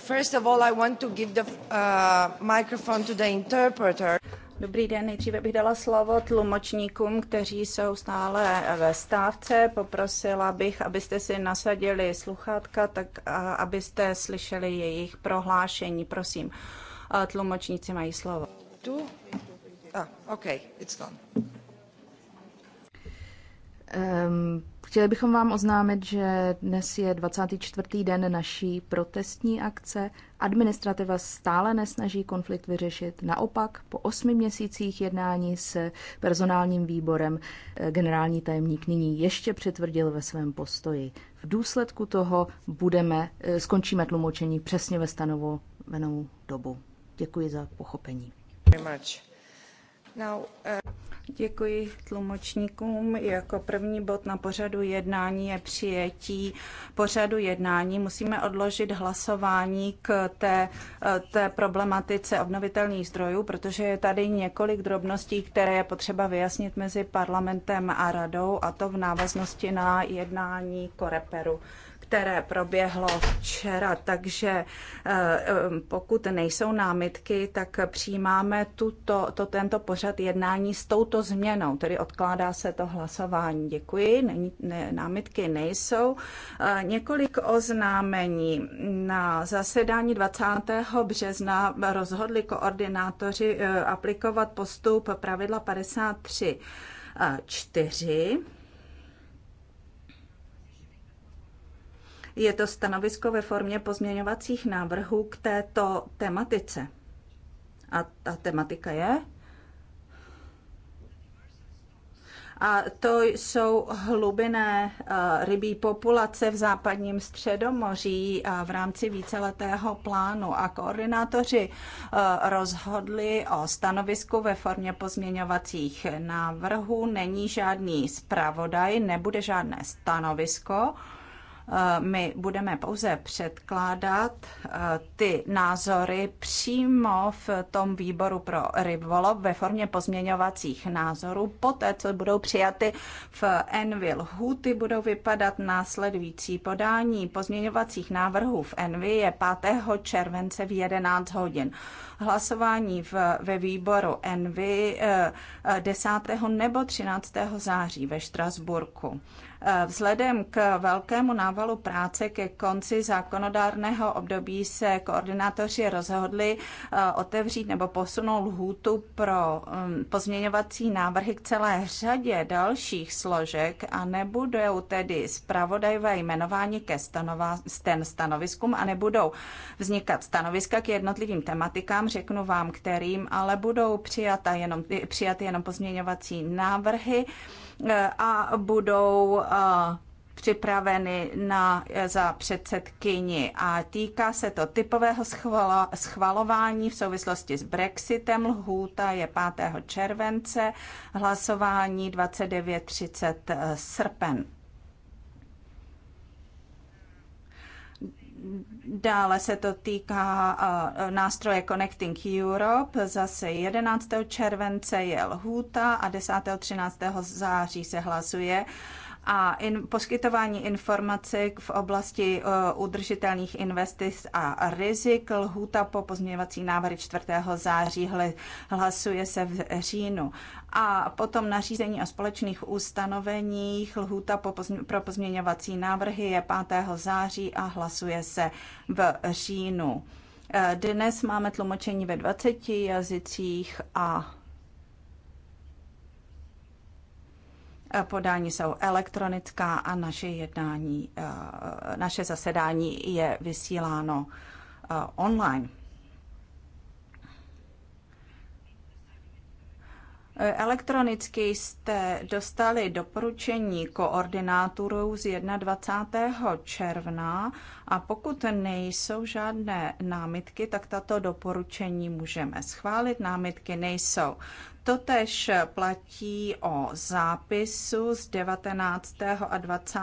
First of all, I want to give the uh, microphone to the interpreter. Dobrý den, nejdříve bych dala slovo tlumočníkům, kteří jsou stále ve stávce. Poprosila bych, abyste si nasadili sluchátka, tak abyste slyšeli jejich prohlášení. Prosím, tlumočníci mají slovo. Tu? Ah, okay, it's gone. Um, Chtěli bychom vám oznámit, že dnes je 24. den naší protestní akce. Administrativa stále nesnaží konflikt vyřešit. Naopak, po osmi měsících jednání s personálním výborem eh, generální tajemník nyní ještě přitvrdil ve svém postoji. V důsledku toho budeme, eh, skončíme tlumočení přesně ve stanovenou dobu. Děkuji za pochopení. Now, uh... Děkuji tlumočníkům. Jako první bod na pořadu jednání je přijetí pořadu jednání. Musíme odložit hlasování k té, té problematice obnovitelných zdrojů, protože je tady několik drobností, které je potřeba vyjasnit mezi parlamentem a radou, a to v návaznosti na jednání Koreperu které proběhlo včera. Takže eh, eh, pokud nejsou námitky, tak přijímáme tuto, to, tento pořad jednání s touto změnou, tedy odkládá se to hlasování. Děkuji, Není, ne, námitky nejsou. Eh, několik oznámení. Na zasedání 20. března rozhodli koordinátoři aplikovat postup pravidla 53 4 Je to stanovisko ve formě pozměňovacích návrhů k této tematice. A ta tematika je? A to jsou hlubiné eh, rybí populace v západním středomoří eh, v rámci víceletého plánu. A koordinátoři eh, rozhodli o stanovisku ve formě pozměňovacích návrhů. Není žádný zpravodaj, nebude žádné stanovisko. Eh, my budeme pouze předkládat eh, ty názory přímo v tom výboru pro rybolov ve formě pozměňovacích názorů. Poté, co budou přijaty v Envil Huty, budou vypadat následující podání pozměňovacích návrhů v Envy je 5. července v 11 hodin. Hlasování v, ve výboru Envy 10. Eh, nebo 13. září ve Štrasburku. Eh, vzhledem k velkému návalu práce ke konci zákonodárného období se koordinátoři rozhodli eh, otevřít nebo posunout lhůtu pro mm, pozměňovací návrhy k celé řadě dalších složek a nebudou tedy zpravodajové jmenování ke stanova, ten stanoviskům a nebudou vznikat stanoviska k jednotlivým tematikám, řeknu vám kterým, ale budou přijata jenom, eh, přijaty jenom pozměňovací návrhy, a budou připraveny na, za předsedkyni a týká se to typového schvalo, schvalování v souvislosti s Brexitem. Lhůta je 5. července, hlasování 29.30 e, srpen. Dále se to týká nástroje Connecting Europe. Zase 11. července je lhůta a 10. 13. září se hlasuje a in, poskytování informací v oblasti uh, udržitelných investic a rizik. Lhůta po pozměňovací návrhy 4. září hle, hlasuje se v říjnu. A potom nařízení o společných ustanoveních. Lhůta po pozmě, pro pozměňovací návrhy je 5. září a hlasuje se v říjnu. Eh, dnes máme tlumočení ve 20 jazycích a podání jsou elektronická a naše jednání, eh, naše zasedání je vysíláno eh, online. Elektronicky jste dostali doporučení koordinátorů z 21. června a pokud nejsou žádné námitky, tak tato doporučení můžeme schválit. Námitky nejsou. Totež platí o zápisu z 19. a 20.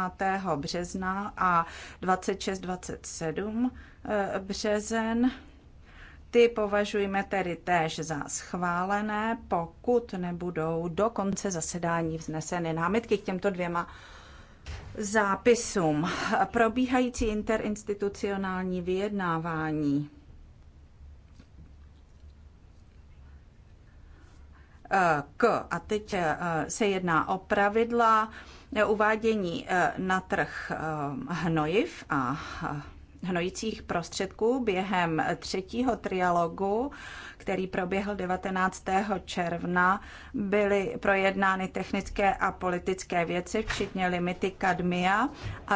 března a 26-27 eh, březen ty považujeme tedy též za schválené, pokud nebudou do konce zasedání vzneseny námitky k těmto dvěma zápisům. Probíhající interinstitucionální vyjednávání k, a teď eh, se jedná o pravidla uvádění eh, na trh eh, hnojiv a hnojících prostředků během třetího trialogu, který proběhl 19. června, byly projednány technické a politické věci, včetně limity kadmia,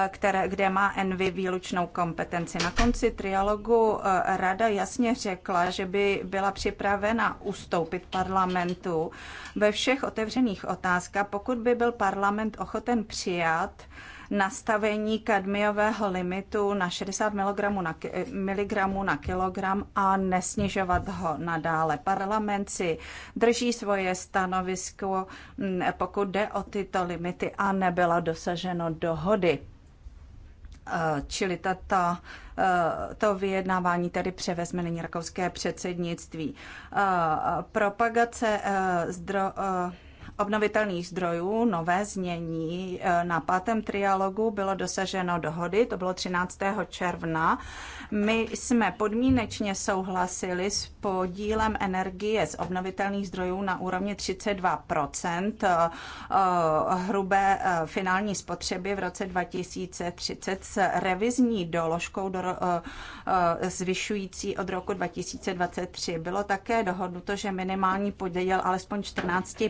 které, kde má Envy výlučnou kompetenci. Na konci trialogu eh, rada jasně řekla, že by byla připravena ustoupit parlamentu ve všech otevřených otázkách, pokud by byl parlament ochoten přijat nastavení kadmiového limitu na 60 mg na, mg na kilogram a nesnižovat ho nadále. Parlament si drží svoje stanovisko, pokud jde o tyto limity a nebylo dosaženo dohody. E, čili tato, e, to vyjednávání tedy převezme nyní rakouské předsednictví. E, propagace zdro, obnovitelných zdrojů, nové znění. Eh, na pátém trialogu bylo dosaženo dohody, to bylo 13. června. My jsme podmínečně souhlasili s podílem energie z obnovitelných zdrojů na úrovni 32 eh, eh, hrubé eh, finální spotřeby v roce 2030 s revizní doložkou do, zvyšující od roku 2023. Bylo také dohodnuto, že minimální podíl alespoň 14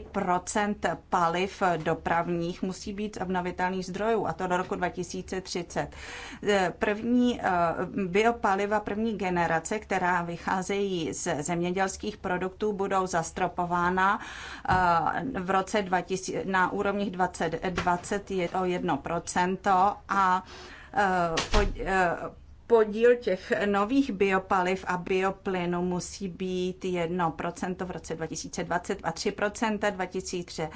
paliv dopravních musí být z obnovitelných zdrojů, a to do roku 2030. První bio biopaliva paliva první generace, která vycházejí z zemědělských produktů, budou zastropována eh, v roce 2000, na úrovních 2020 je o 1% a eh, eh, podíl těch nových biopaliv a bioplynu musí být 1% v roce 2020 a 3% 2003.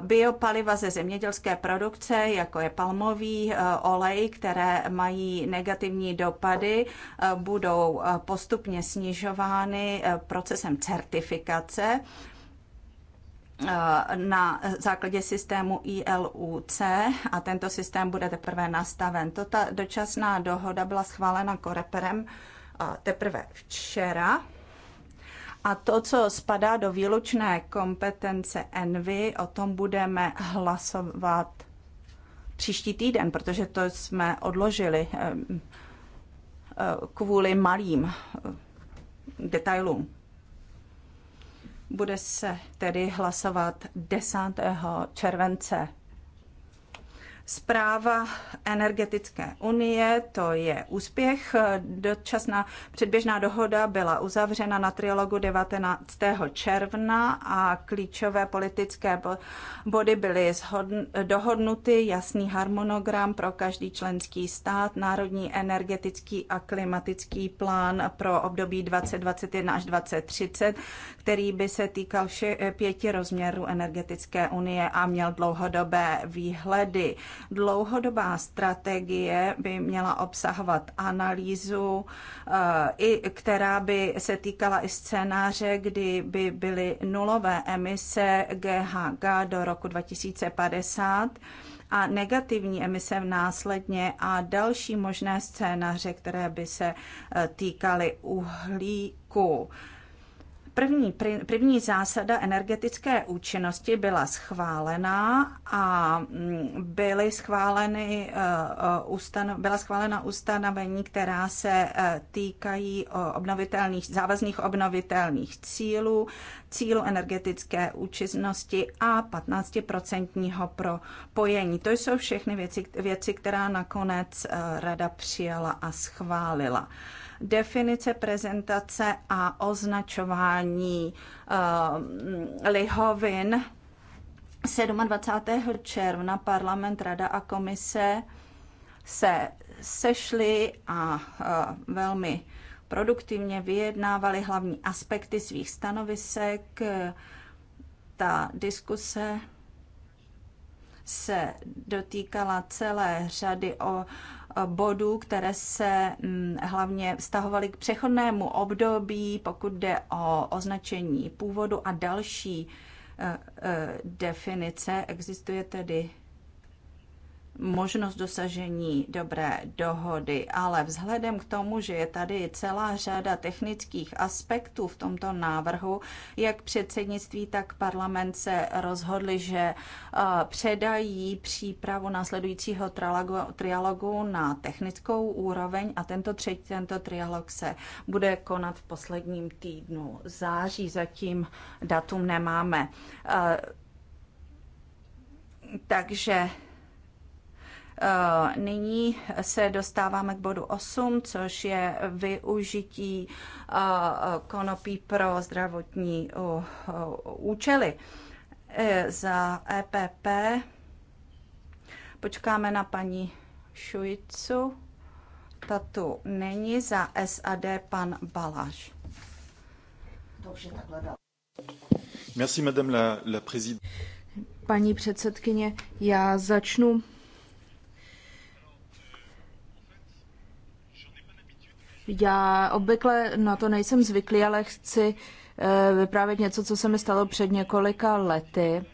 Biopaliva ze zemědělské produkce, jako je palmový e, olej, které mají negativní dopady, e, budou e, postupně snižovány procesem certifikace Eh, na základě systému ILUC a tento systém bude teprve nastaven. ta tota dočasná dohoda byla schválena koreperem eh, teprve včera. A to, co spadá do výlučné kompetence Envy, o tom budeme hlasovat příští týden, protože to jsme odložili eh, kvůli malým detailům. Bude se tedy hlasovat 10. července. Zpráva energetické unie, to je úspěch. Dočasná předběžná dohoda byla uzavřena na trialogu 19. června a klíčové politické body byly dohodnuty, jasný harmonogram pro každý členský stát, národní energetický a klimatický plán pro období 2021 až 2030, který by se týkal všech pěti rozměrů energetické unie a měl dlouhodobé výhledy. Dlouhodobá strategie by měla obsahovat analýzu, eh, i, která by se týkala i scénáře, kdy by byly nulové emise GHG do roku 2050 a negativní emise v následně a další možné scénáře, které by se eh, týkaly uhlíku. První, první zásada energetické účinnosti byla schválená a mm, byly schváleny, e, e, byla schválena ustanovení, která se e, týkají obnovitelných, závazných obnovitelných cílů, cílu energetické účinnosti a 15% propojení. To jsou všechny věci, věci která nakonec Rada přijala a schválila definice, prezentace a označování uh, lihovin. 27. června parlament, rada a komise se sešli a uh, velmi produktivně vyjednávali hlavní aspekty svých stanovisek. Ta diskuse se dotýkala celé řady o bodů, které se mm, hlavně vztahovaly k přechodnému období, pokud jde o označení původu a další eh, eh, definice. Existuje tedy možnost dosažení dobré dohody, ale vzhledem k tomu, že je tady celá řada technických aspektů v tomto návrhu, jak předsednictví, tak parlament se rozhodli, že eh, předají přípravu následujícího trialogu na technickou úroveň a tento třetí tento trialog se bude konat v posledním týdnu září. Zatím datum nemáme. Eh, takže Eh, nyní se dostáváme k bodu 8, což je využití eh, konopí pro zdravotní eh, účely. Za EPP počkáme na paní Šujicu. Ta tu není za SAD pan Baláš. Dobře, takhle Merci, madame la, la Paní předsedkyně, já začnu Já obvykle na to nejsem zvyklý, ale chci eh, vyprávět něco, co se mi stalo před několika lety.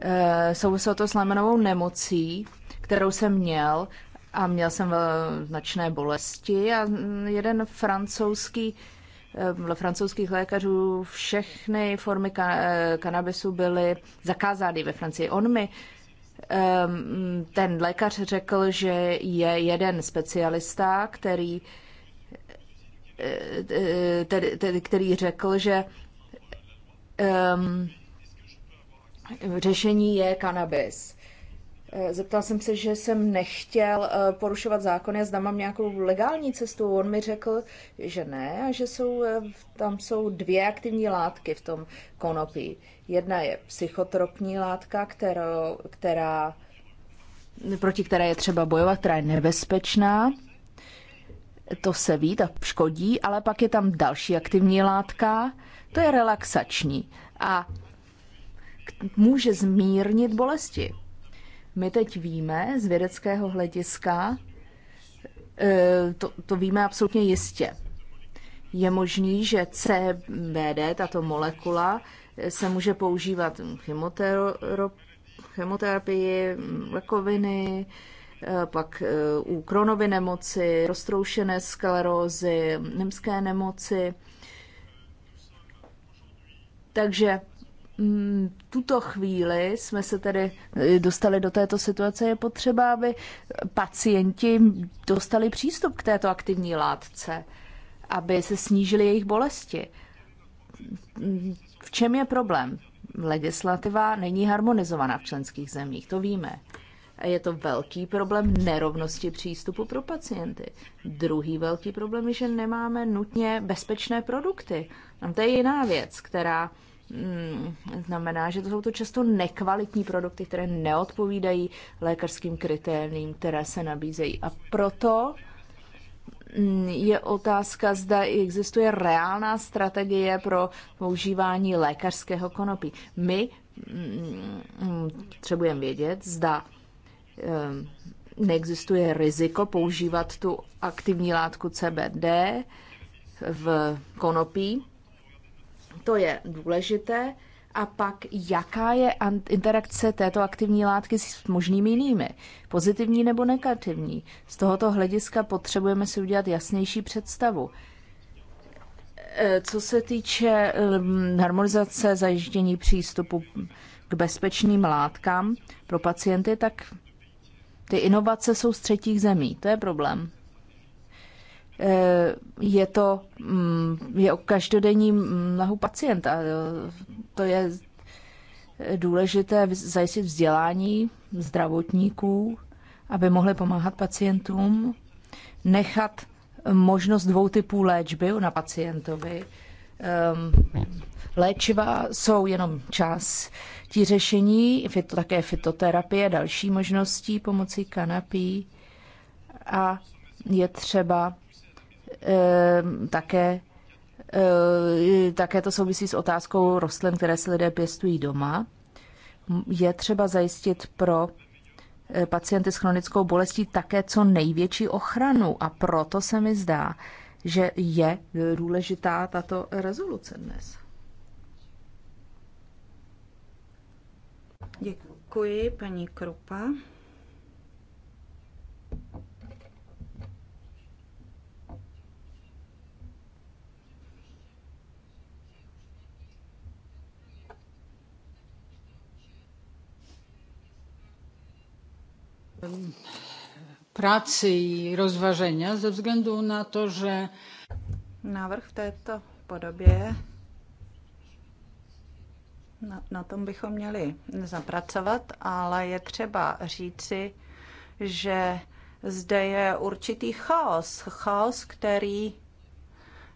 Eh, souviselo to s lamenovou nemocí, kterou jsem měl a měl jsem značné bolesti a jeden francouzský eh, dle francouzských lékařů všechny formy ka- kanabisu byly zakázány ve Francii. On mi ten lékař řekl, že je jeden specialista, který Eh, tedy, tedy, který řekl, že um, řešení je kanabis. Eh, zeptal jsem se, že jsem nechtěl eh, porušovat zákony, zda mám nějakou legální cestu. On mi řekl, že ne a že jsou, tam jsou dvě aktivní látky v tom konopí. Jedna je psychotropní látka, kterou, která, proti které je třeba bojovat, která je nebezpečná to se ví, tak škodí, ale pak je tam další aktivní látka, to je relaxační a může zmírnit bolesti. My teď víme z vědeckého hlediska, e, to, to víme absolutně jistě. Je možný, že CBD, tato molekula, se může používat v chemoterapii, lekoviny, Eh, pak eh, u Kronovy nemoci, roztroušené sklerózy, nemské nemoci. Takže mm, tuto chvíli jsme se tedy eh, dostali do této situace, je potřeba, aby pacienti dostali přístup k této aktivní látce, aby se snížily jejich bolesti. V čem je problém? Legislativa není harmonizovaná v členských zemích, to víme je to velký problém nerovnosti přístupu pro pacienty. Druhý velký problém je, že nemáme nutně bezpečné produkty. A to je jiná věc, která hmm, znamená, že to jsou to často nekvalitní produkty, které neodpovídají lékařským kritériím, které se nabízejí. A proto mm, je otázka, zda existuje reálná strategie pro používání lékařského konopí. My mm, mm, potřebujeme vědět, zda Eh, neexistuje riziko používat tu aktivní látku CBD v konopí. To je důležité. A pak, jaká je interakce této aktivní látky s možnými jinými? Pozitivní nebo negativní? Z tohoto hlediska potřebujeme si udělat jasnější představu. Eh, co se týče eh, harmonizace zajištění přístupu k bezpečným látkám pro pacienty, tak ty inovace jsou z třetích zemí, to je problém. Eh, je to mm, je o každodenní mnohu mm, pacienta. To je důležité zajistit vzdělání zdravotníků, aby mohli pomáhat pacientům, nechat možnost dvou typů léčby na pacientovi, ehm, Léčiva jsou jenom část tí řešení, fito, také fitoterapie, další možností pomocí kanapí a je třeba e, také e, také to souvisí s otázkou rostlin, které si lidé pěstují doma. Je třeba zajistit pro eh, pacienty s chronickou bolestí také co největší ochranu a proto se mi zdá, že je důležitá tato rezoluce dnes. Děkuji, paní Krupa. Práci i ze względu na to, že návrh v této podobě na, na tom bychom měli zapracovat, ale je třeba říci, že zde je určitý chaos. Chaos, který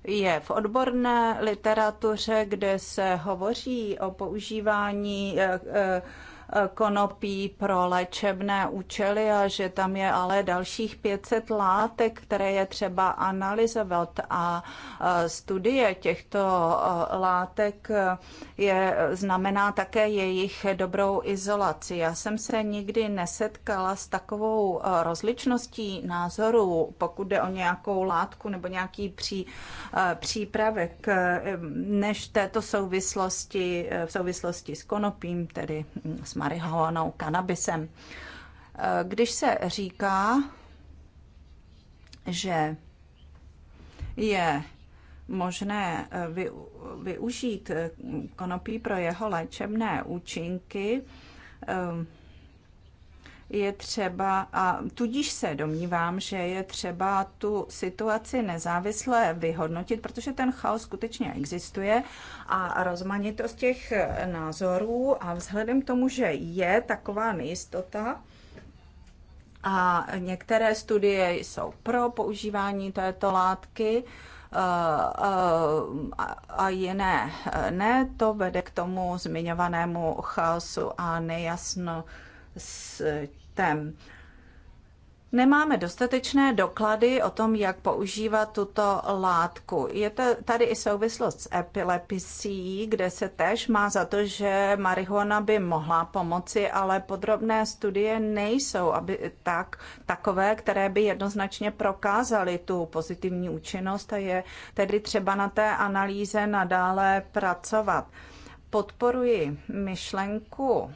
je v odborné literatuře, kde se hovoří o používání eh, eh, konopí pro léčebné účely a že tam je ale dalších 500 látek, které je třeba analyzovat a e, studie těchto e, látek e, je, znamená také jejich dobrou izolaci. Já jsem se nikdy nesetkala s takovou rozličností názorů, pokud jde o nějakou látku nebo nějaký pří, přípravek, než této souvislosti, v souvislosti s konopím, tedy mm, s marihuanou, kanabisem. Eh, když se říká, že je možné eh, využít eh, konopí pro jeho léčebné účinky, je třeba, a tudíž se domnívám, že je třeba tu situaci nezávisle vyhodnotit, protože ten chaos skutečně existuje a rozmanitost těch názorů a vzhledem k tomu, že je taková nejistota, a některé studie jsou pro používání této látky, eh, eh, a jiné ne, to vede k tomu zmiňovanému chaosu a nejasno, tem. Nemáme dostatečné doklady o tom, jak používat tuto látku. Je to tady i souvislost s epilepsí, kde se též má za to, že marihuana by mohla pomoci, ale podrobné studie nejsou aby tak, takové, které by jednoznačně prokázaly tu pozitivní účinnost a je tedy třeba na té analýze nadále pracovat. Podporuji myšlenku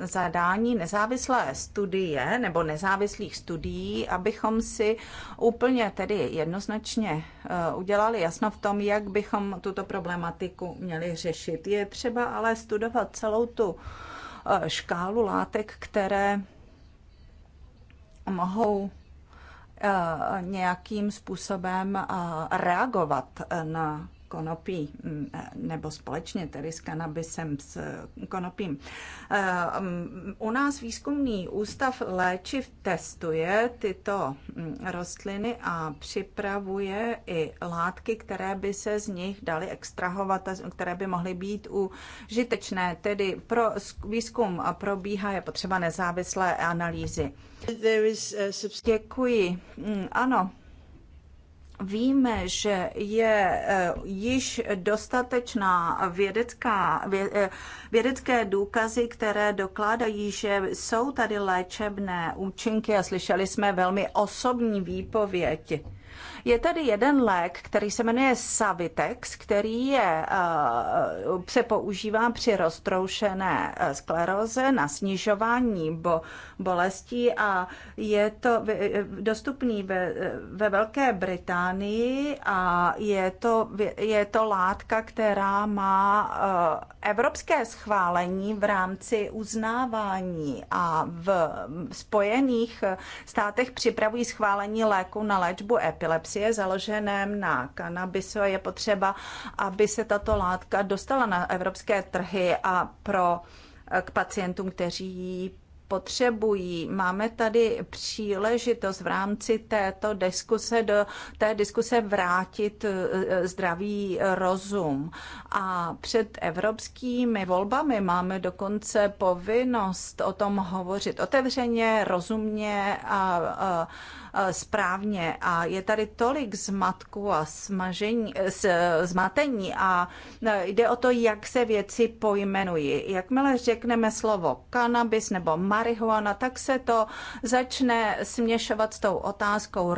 zadání nezávislé studie nebo nezávislých studií, abychom si úplně tedy jednoznačně eh, udělali jasno v tom, jak bychom tuto problematiku měli řešit. Je třeba ale studovat celou tu eh, škálu látek, které mohou eh, nějakým způsobem reagovat na konopí, mm, eh, nebo společně tedy s kanabisem, s eh, konopím. Eh, mm, u nás výzkumný ústav léčiv testuje tyto mm, rostliny a připravuje i látky, které by se z nich daly extrahovat, které by mohly být užitečné. Tedy pro výzkum probíhá, je potřeba nezávislé analýzy. Děkuji. Ano, Víme, že je eh, již dostatečná vědecká, eh, vědecké důkazy, které dokládají, že jsou tady léčebné účinky a slyšeli jsme velmi osobní výpověď. Je tady jeden lék, který se jmenuje Savitex, který je, eh, se používá při roztroušené eh, skleroze na snižování bo, bolestí a je to eh, dostupný ve, ve Velké Británii a je to, je to látka, která má evropské schválení v rámci uznávání a v Spojených státech připravují schválení léku na léčbu epilepsie je založeném na kanabisu a je potřeba, aby se tato látka dostala na evropské trhy a pro eh, k pacientům, kteří ji potřebují. Máme tady příležitost v rámci této diskuse do té diskuse vrátit eh, zdravý rozum. A před evropskými volbami máme dokonce povinnost o tom hovořit otevřeně, rozumně a, a Eh, správně. A je tady tolik zmatku a smažení, zmatení a eh, jde o to, jak se věci pojmenují. Jakmile řekneme slovo cannabis nebo marihuana, tak se to začne směšovat s tou otázkou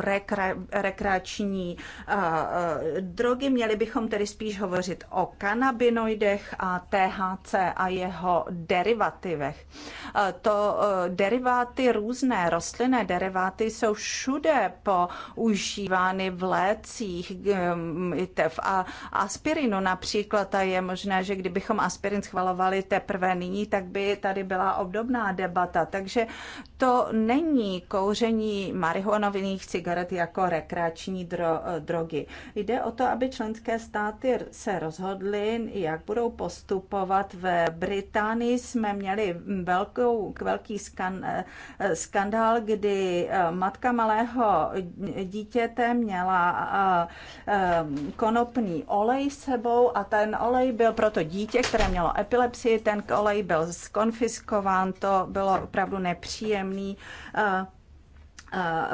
rekreační eh, drogy. Měli bychom tedy spíš hovořit o kanabinoidech a THC a jeho derivativech. To deriváty, různé rostlinné deriváty jsou všude používány v lécích, mm, a aspirinu například a je možné, že kdybychom aspirin schvalovali teprve nyní, tak by tady byla obdobná debata. Takže to není kouření marihuanových cigaret jako rekreační dro- drogy. Jde o to, aby členské státy se rozhodly, jak budou postupovat. V Británii jsme měli velkou, velký skan- eh, skandál, kdy eh, matka malé malého dítěte měla eh, eh, konopný olej s sebou a ten olej byl pro to dítě, které mělo epilepsii, ten olej byl skonfiskován, to bylo opravdu nepříjemný eh,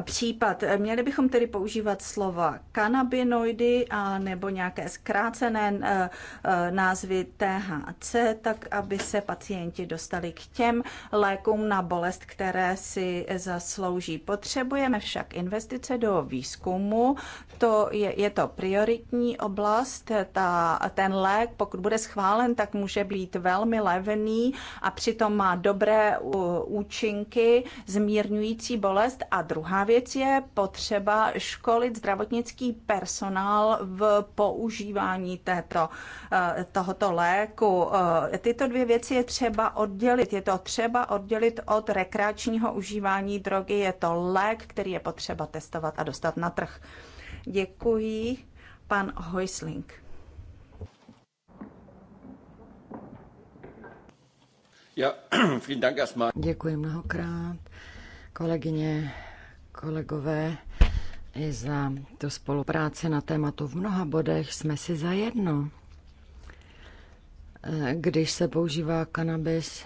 případ. Měli bychom tedy používat slova kanabinoidy a nebo nějaké zkrácené e, e, názvy THC, tak aby se pacienti dostali k těm lékům na bolest, které si zaslouží. Potřebujeme však investice do výzkumu, to je, je to prioritní oblast, ta, ten lék, pokud bude schválen, tak může být velmi levný a přitom má dobré účinky, zmírňující bolest a druhá věc je potřeba školit zdravotnický personál v používání této, eh, tohoto léku. Eh, tyto dvě věci je třeba oddělit. Je to třeba oddělit od rekreačního užívání drogy. Je to lék, který je potřeba testovat a dostat na trh. Děkuji, pan Hoisling. Děkuji mnohokrát, kolegyně, kolegové, i za tu spolupráci na tématu. V mnoha bodech jsme si zajedno. Eh, když se používá kanabis,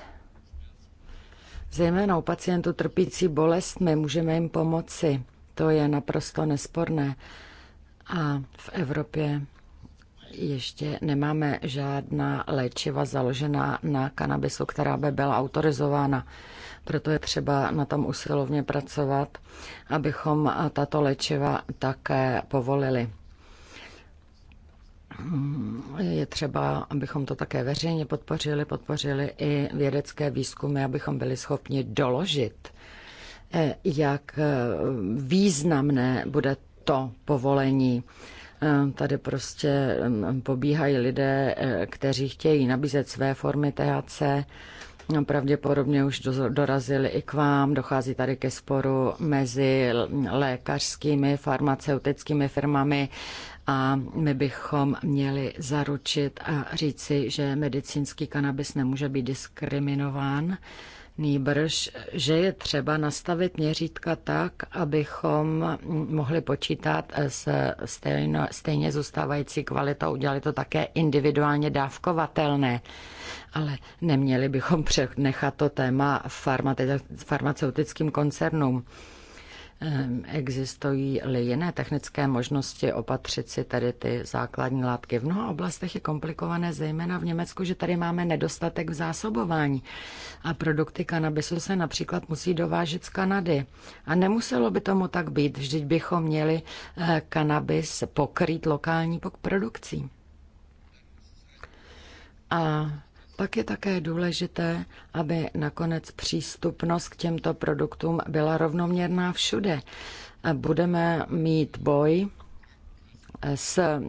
zejména u pacientů trpící bolestmi, můžeme jim pomoci. To je naprosto nesporné. A v Evropě ještě nemáme žádná léčiva založená na kanabisu, která by byla autorizována. Proto je třeba na tom usilovně pracovat, abychom eh, tato léčiva také povolili. Mm, je třeba, abychom to také veřejně podpořili, podpořili i vědecké výzkumy, abychom byli schopni doložit, eh, jak eh, významné bude to povolení. Tady prostě mm, pobíhají lidé, kteří chtějí nabízet své formy THC No, pravděpodobně už dorazili i k vám. Dochází tady ke sporu mezi lékařskými, farmaceutickými firmami a my bychom měli zaručit a říci, že medicínský kanabis nemůže být diskriminován Nýbrž, že je třeba nastavit měřítka tak, abychom mohli počítat s stejno, stejně zůstávající kvalitou, udělali to také individuálně dávkovatelné. Ale neměli bychom přenechat to téma farmaceutickým koncernům. Ehm, existují-li jiné technické možnosti opatřit si tady ty základní látky? V mnoha oblastech je komplikované, zejména v Německu, že tady máme nedostatek v zásobování a produkty kanabisu se například musí dovážet z Kanady. A nemuselo by tomu tak být, vždyť bychom měli eh, kanabis pokrýt lokální produkcí. A pak je také důležité, aby nakonec přístupnost k těmto produktům byla rovnoměrná všude. Budeme mít boj s eh,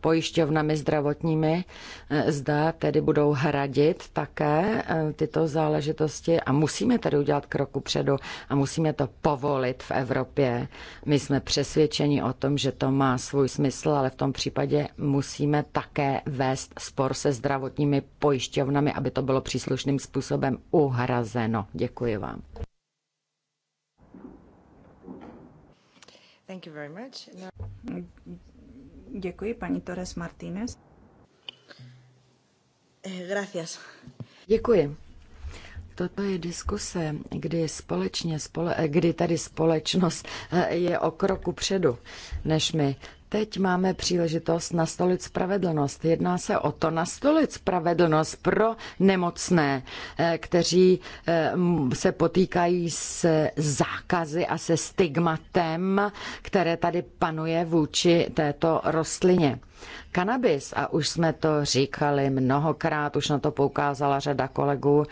pojišťovnami zdravotními, eh, zda tedy budou hradit také eh, tyto záležitosti a musíme tedy udělat kroku předu a musíme to povolit v Evropě. My jsme přesvědčeni o tom, že to má svůj smysl, ale v tom případě musíme také vést spor se zdravotními pojišťovnami, aby to bylo příslušným způsobem uhrazeno. Děkuji vám. Thank you very much. No. Děkuji, paní Torres Martínez. Eh, gracias. Děkuji. Toto je diskuse, kdy, společně, spole, eh, kdy tady společnost eh, je o kroku předu než my. Teď máme příležitost nastolit spravedlnost. Jedná se o to nastolit spravedlnost pro nemocné, eh, kteří eh, se potýkají s zákazy a se stigmatem, které tady panuje vůči této rostlině. Kanabis, a už jsme to říkali mnohokrát, už na to poukázala řada kolegů,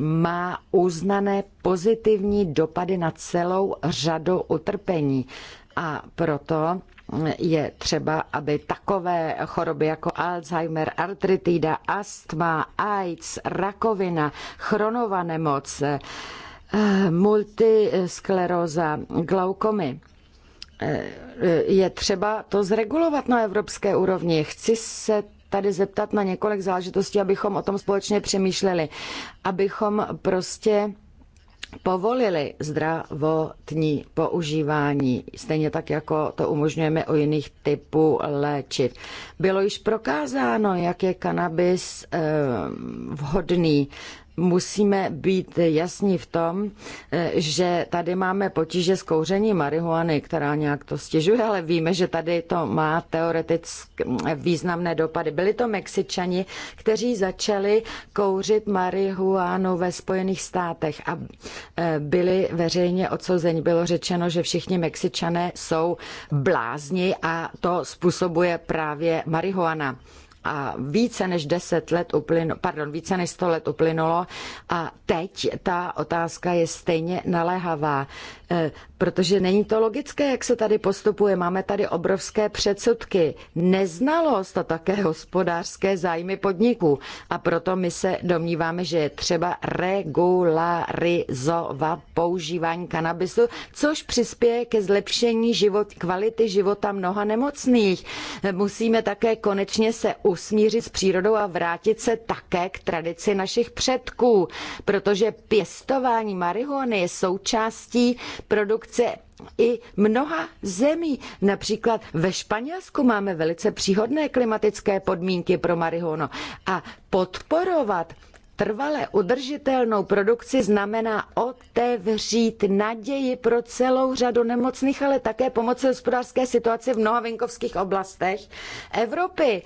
má uznané pozitivní dopady na celou řadu utrpení. A proto je třeba, aby takové choroby jako Alzheimer, artritida, astma, AIDS, rakovina, chronová nemoc, eh, multiskleróza, glaukomy, eh, je třeba to zregulovat na evropské úrovni. Chci se tady zeptat na několik záležitostí, abychom o tom společně přemýšleli. Abychom prostě povolili zdravotní používání, stejně tak, jako to umožňujeme u jiných typů léčiv. Bylo již prokázáno, jak je kanabis eh, vhodný musíme být jasní v tom, eh, že tady máme potíže s kouřením marihuany, která nějak to stěžuje, ale víme, že tady to má teoreticky eh, významné dopady. Byli to Mexičani, kteří začali kouřit marihuánu ve Spojených státech a eh, byli veřejně odsouzeni. Bylo řečeno, že všichni Mexičané jsou blázni a to způsobuje právě marihuana a více než 10 let uplynulo, pardon, více než 100 let uplynulo a teď ta otázka je stejně naléhavá. Eh, protože není to logické, jak se tady postupuje. Máme tady obrovské předsudky, neznalost a také hospodářské zájmy podniků. A proto my se domníváme, že je třeba regularizovat používání kanabisu, což přispěje ke zlepšení život, kvality života mnoha nemocných. Eh, musíme také konečně se usmířit s přírodou a vrátit se také k tradici našich předků, protože pěstování marihuany je součástí produkce i mnoha zemí. Například ve Španělsku máme velice příhodné klimatické podmínky pro marihuanu a podporovat trvale udržitelnou produkci znamená otevřít naději pro celou řadu nemocných, ale také pomoci hospodářské situaci v mnoha venkovských oblastech Evropy,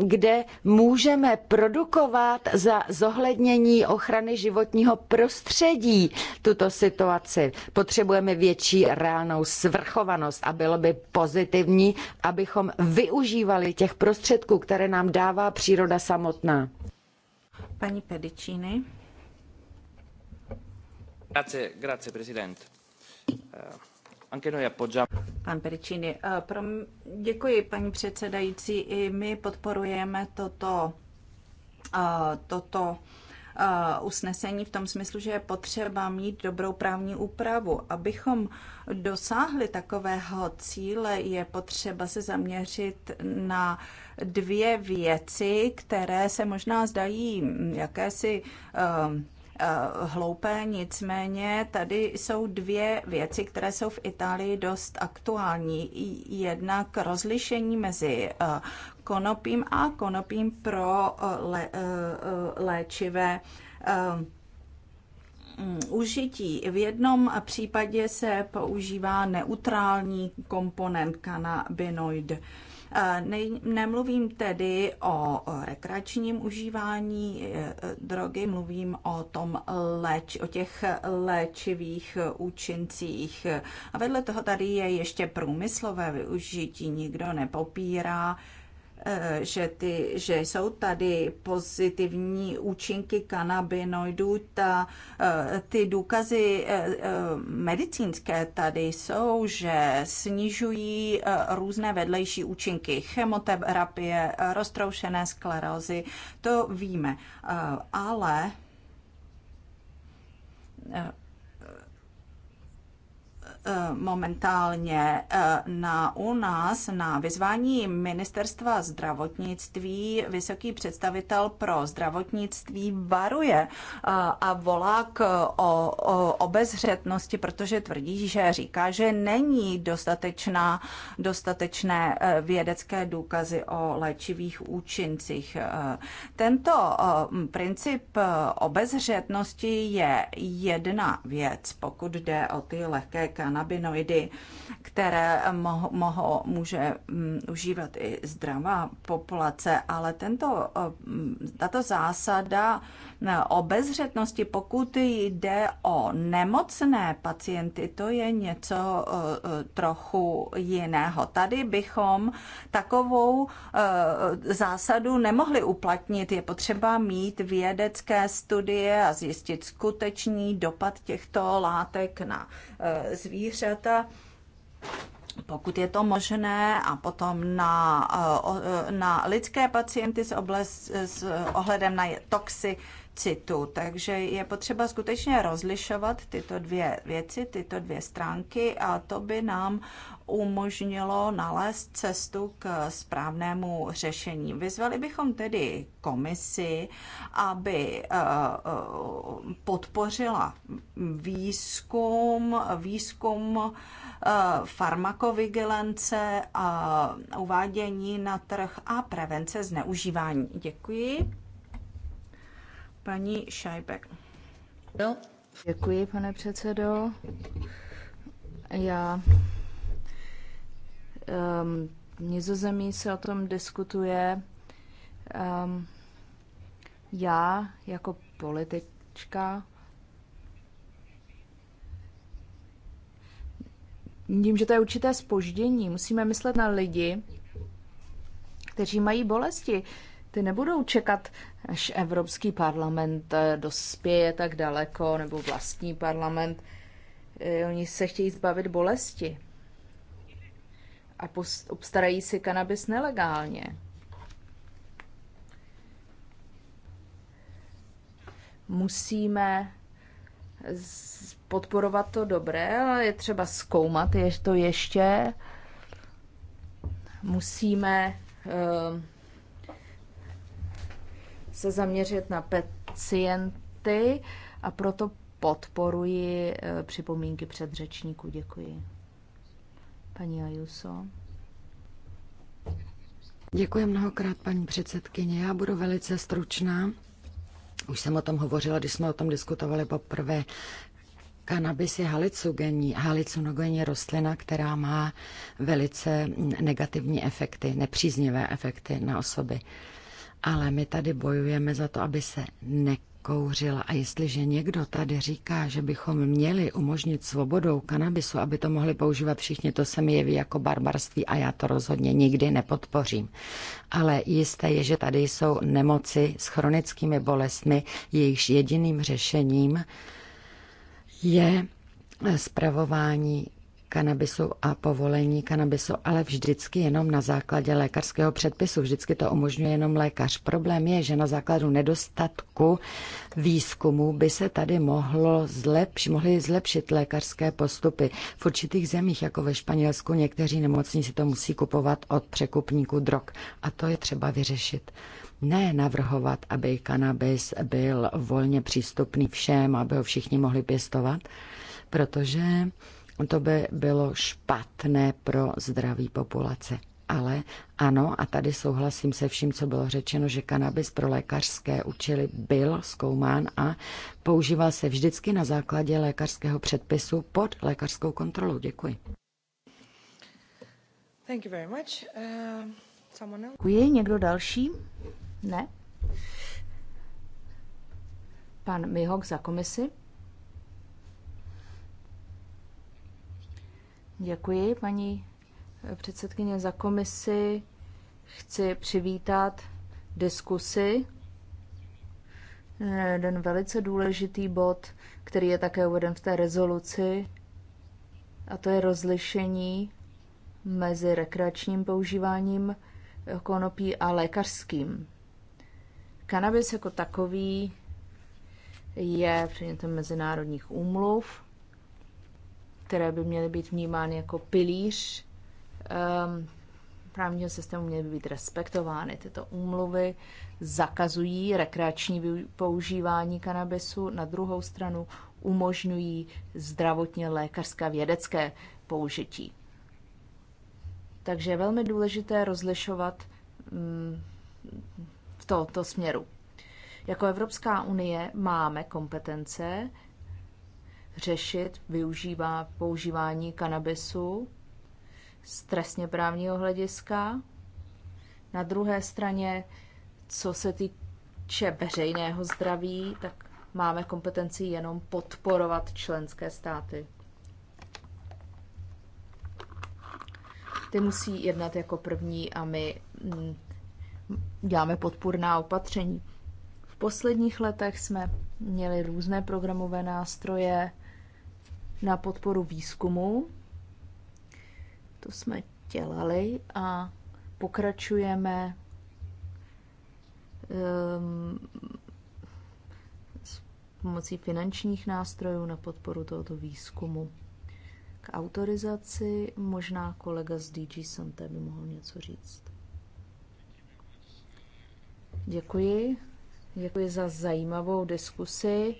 kde můžeme produkovat za zohlednění ochrany životního prostředí tuto situaci. Potřebujeme větší reálnou svrchovanost a bylo by pozitivní, abychom využívali těch prostředků, které nám dává příroda samotná. Paní Pedicini. Grazie, presidente. Eh, anche noi appoggiamo. Eh, děkuji paní předsedající. I my podporujeme toto, eh, toto Eh, usnesení v tom smyslu, že je potřeba mít dobrou právní úpravu. Abychom dosáhli takového cíle, je potřeba se zaměřit na dvě věci, které se možná zdají jakési uh, Eh, hloupé, nicméně tady jsou dvě věci, které jsou v Itálii dost aktuální. Jednak rozlišení mezi eh, konopím a konopím pro eh, lé, léčivé mm, užití. V jednom případě se používá neutrální komponent kanabinoid Eh, ne, nemluvím tedy o rekreačním užívání eh, drogy, mluvím o, tom léč, o těch léčivých účincích. A vedle toho tady je ještě průmyslové využití, nikdo nepopírá, Eh, že, ty, že jsou tady pozitivní účinky kanabinoidů. Ta, eh, ty důkazy eh, medicínské tady jsou, že snižují různé vedlejší účinky, chemoterapie, roztroušené sklerózy, to víme. Ale Eh, momentálně eh, na, u nás na vyzvání ministerstva zdravotnictví vysoký představitel pro zdravotnictví varuje eh, a volá k o, o obezřetnosti, protože tvrdí, že říká, že není dostatečná, dostatečné vědecké důkazy o léčivých účincích. Tento princip obezřetnosti je jedna věc, pokud jde o ty lehké kanály kanabinoidy, které moho, moho, může mm, užívat i zdravá populace, ale tento, mm, tato zásada Eh, obezřetnosti, pokud jde o nemocné pacienty, to je něco eh, eh, trochu jiného. Tady bychom takovou zásadu nemohli uplatnit. Je potřeba mít vědecké studie a zjistit skutečný dopad těchto látek na zvířata pokud je to možné, a potom na, na lidské pacienty s, obles, s ohledem na toxi, citu. Takže je potřeba skutečně rozlišovat tyto dvě věci, tyto dvě stránky a to by nám umožnilo nalézt cestu k správnému řešení. Vyzvali bychom tedy komisi, aby eh, eh, podpořila výzkum, výzkum eh, farmakovigilance, uvádění na trh a prevence zneužívání. Děkuji paní Šajbek. No. Děkuji, pane předsedo. Já um, Nizozemí se o tom diskutuje. Um, já jako politička tím, že to je určité spoždění, musíme myslet na lidi, kteří mají bolesti, ty nebudou čekat, až Evropský parlament eh, dospěje tak daleko, nebo vlastní parlament. Eh, oni se chtějí zbavit bolesti a obstarají si kanabis nelegálně. Musíme podporovat to dobré, ale je třeba zkoumat je to ještě. Musíme uh, se zaměřit na pacienty a proto podporuji e, připomínky předřečníků. Děkuji. Paní Ajuso. Děkuji mnohokrát, paní předsedkyně. Já budu velice stručná. Už jsem o tom hovořila, když jsme o tom diskutovali poprvé. Kanabis je halicinogenní, halicinogenní rostlina, která má velice negativní efekty, nepříznivé efekty na osoby. Ale my tady bojujeme za to, aby se nekouřila. A jestliže někdo tady říká, že bychom měli umožnit svobodou kanabisu, aby to mohli používat všichni, to se mi jeví jako barbarství a já to rozhodně nikdy nepodpořím. Ale jisté je, že tady jsou nemoci s chronickými bolestmi, jejichž jediným řešením je spravování kanabisu a povolení kanabisu, ale vždycky jenom na základě lékařského předpisu. Vždycky to umožňuje jenom lékař. Problém je, že na základu nedostatku výzkumu by se tady mohlo zlepš, mohly zlepšit lékařské postupy. V určitých zemích, jako ve Španělsku, někteří nemocní si to musí kupovat od překupníků drog. A to je třeba vyřešit ne navrhovat, aby kanabis byl volně přístupný všem, aby ho všichni mohli pěstovat, protože to by bylo špatné pro zdraví populace. Ale ano, a tady souhlasím se vším, co bylo řečeno, že kanabis pro lékařské účely byl zkoumán a používal se vždycky na základě lékařského předpisu pod lékařskou kontrolou. Děkuji. Thank you very much. Uh, else? Děkuji. Někdo další? Ne? Pan Mihok za komisi. Děkuji, paní eh, předsedkyně, za komisi. Chci přivítat diskusi. Eh, jeden velice důležitý bod, který je také uveden v té rezoluci, a to je rozlišení mezi rekreačním používáním konopí a lékařským. Kanabis jako takový je předmětem mezinárodních úmluv které by měly být vnímány jako pilíř um, právního systému, měly by být respektovány. Tyto úmluvy zakazují rekreační používání kanabisu, na druhou stranu umožňují zdravotně lékařské a vědecké použití. Takže je velmi důležité rozlišovat um, v tomto směru. Jako Evropská unie máme kompetence řešit využívá používání kanabisu z trestně právního hlediska. Na druhé straně, co se týče veřejného zdraví, tak máme kompetenci jenom podporovat členské státy. Ty musí jednat jako první a my mm, děláme podpůrná opatření. V posledních letech jsme měli různé programové nástroje, na podporu výzkumu. To jsme dělali a pokračujeme um, s pomocí finančních nástrojů na podporu tohoto výzkumu. K autorizaci možná kolega z DG Santé by mohl něco říct. Děkuji. Děkuji za zajímavou diskusi.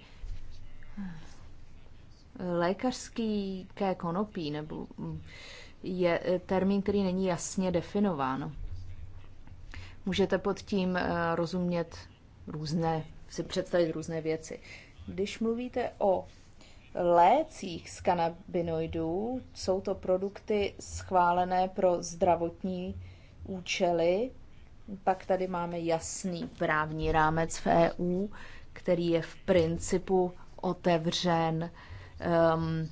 Lékařský konopí nebo mm, je eh, termín, který není jasně definován. Můžete pod tím eh, rozumět různé, si představit různé věci. Když mluvíte o lécích z kanabinoidů, jsou to produkty schválené pro zdravotní účely, pak tady máme jasný právní rámec v EU, který je v principu otevřen um,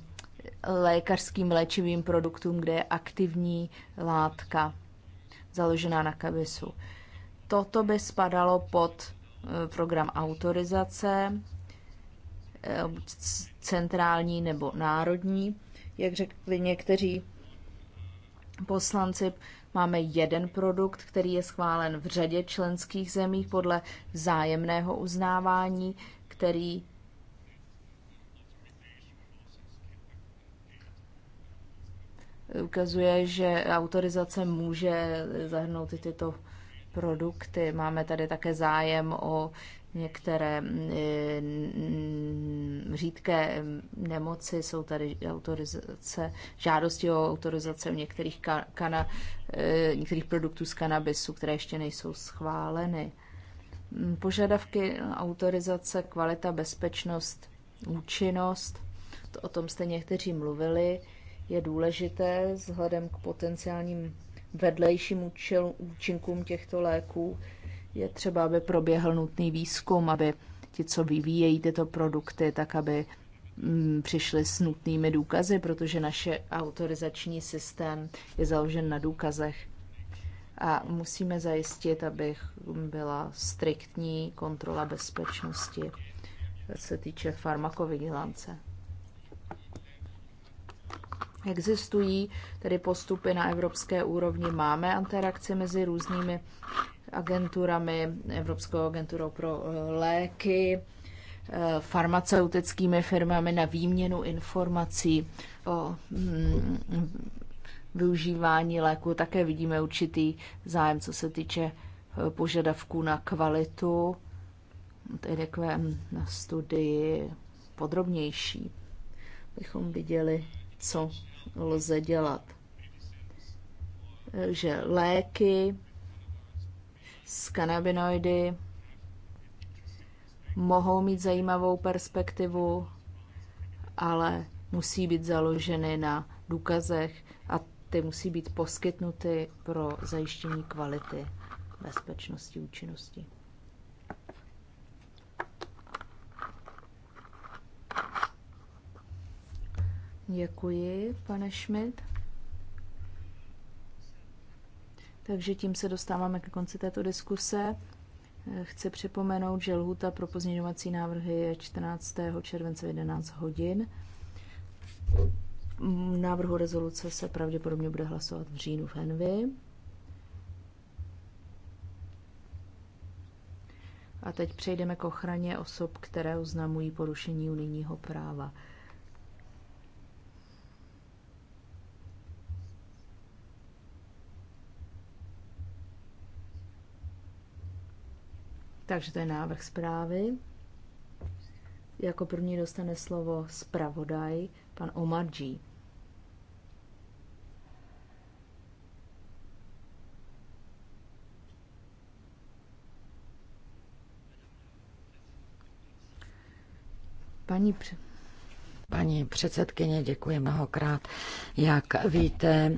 lékařským léčivým produktům, kde je aktivní látka založená na kabisu. Toto by spadalo pod eh, program autorizace, eh, centrální nebo národní. Jak řekli někteří poslanci, máme jeden produkt, který je schválen v řadě členských zemí podle vzájemného uznávání, který ukazuje, že autorizace může zahrnout i tyto produkty. Máme tady také zájem o některé mm, mm, řídké mm, nemoci, jsou tady autorizace, žádosti o autorizace u některých, kana, eh, některých produktů z kanabisu, které ještě nejsou schváleny. Požadavky autorizace, kvalita, bezpečnost, účinnost, to, o tom jste někteří mluvili je důležité vzhledem k potenciálním vedlejším účinkům těchto léků. Je třeba, aby proběhl nutný výzkum, aby ti, co vyvíjejí tyto produkty, tak aby mm, přišli s nutnými důkazy, protože naše autorizační systém je založen na důkazech. A musíme zajistit, aby byla striktní kontrola bezpečnosti, co se týče farmakovigilance. Existují tedy postupy na evropské úrovni, máme interakce mezi různými agenturami, Evropskou agenturou pro eh, léky, eh, farmaceutickými firmami na výměnu informací o mm, využívání léku. Také vidíme určitý zájem, co se týče eh, požadavků na kvalitu, tedy na studii podrobnější, bychom viděli, co lze dělat. Takže léky s kanabinoidy mohou mít zajímavou perspektivu, ale musí být založeny na důkazech a ty musí být poskytnuty pro zajištění kvality bezpečnosti účinnosti. Děkuji, pane Schmidt. Takže tím se dostáváme k konci této diskuse. Chci připomenout, že lhuta pro pozměňovací návrhy je 14. července 11 hodin. Návrhu rezoluce se pravděpodobně bude hlasovat v říjnu v Envy. A teď přejdeme k ochraně osob, které oznamují porušení unijního práva. Takže to je návrh zprávy. Jako první dostane slovo zpravodaj, pan Omar G. Paní Paní předsedkyně, děkuji mnohokrát. Jak víte,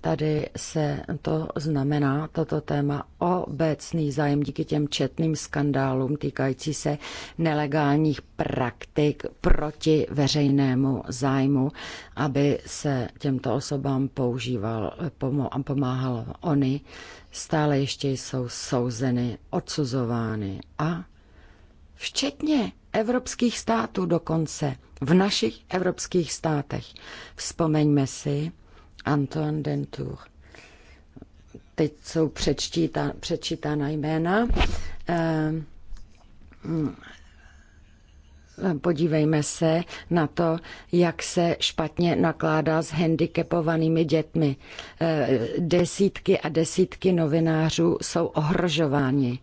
tady se to znamená, toto téma, obecný zájem díky těm četným skandálům týkající se nelegálních praktik proti veřejnému zájmu, aby se těmto osobám používal, pomáhal oni, stále ještě jsou souzeny, odsuzovány a včetně evropských států dokonce, v našich evropských státech. Vzpomeňme si Anton Dentur. Teď jsou přečtítá, přečítána jména. Ehm, podívejme se na to, jak se špatně nakládá s handicapovanými dětmi. Ehm, desítky a desítky novinářů jsou ohrožováni.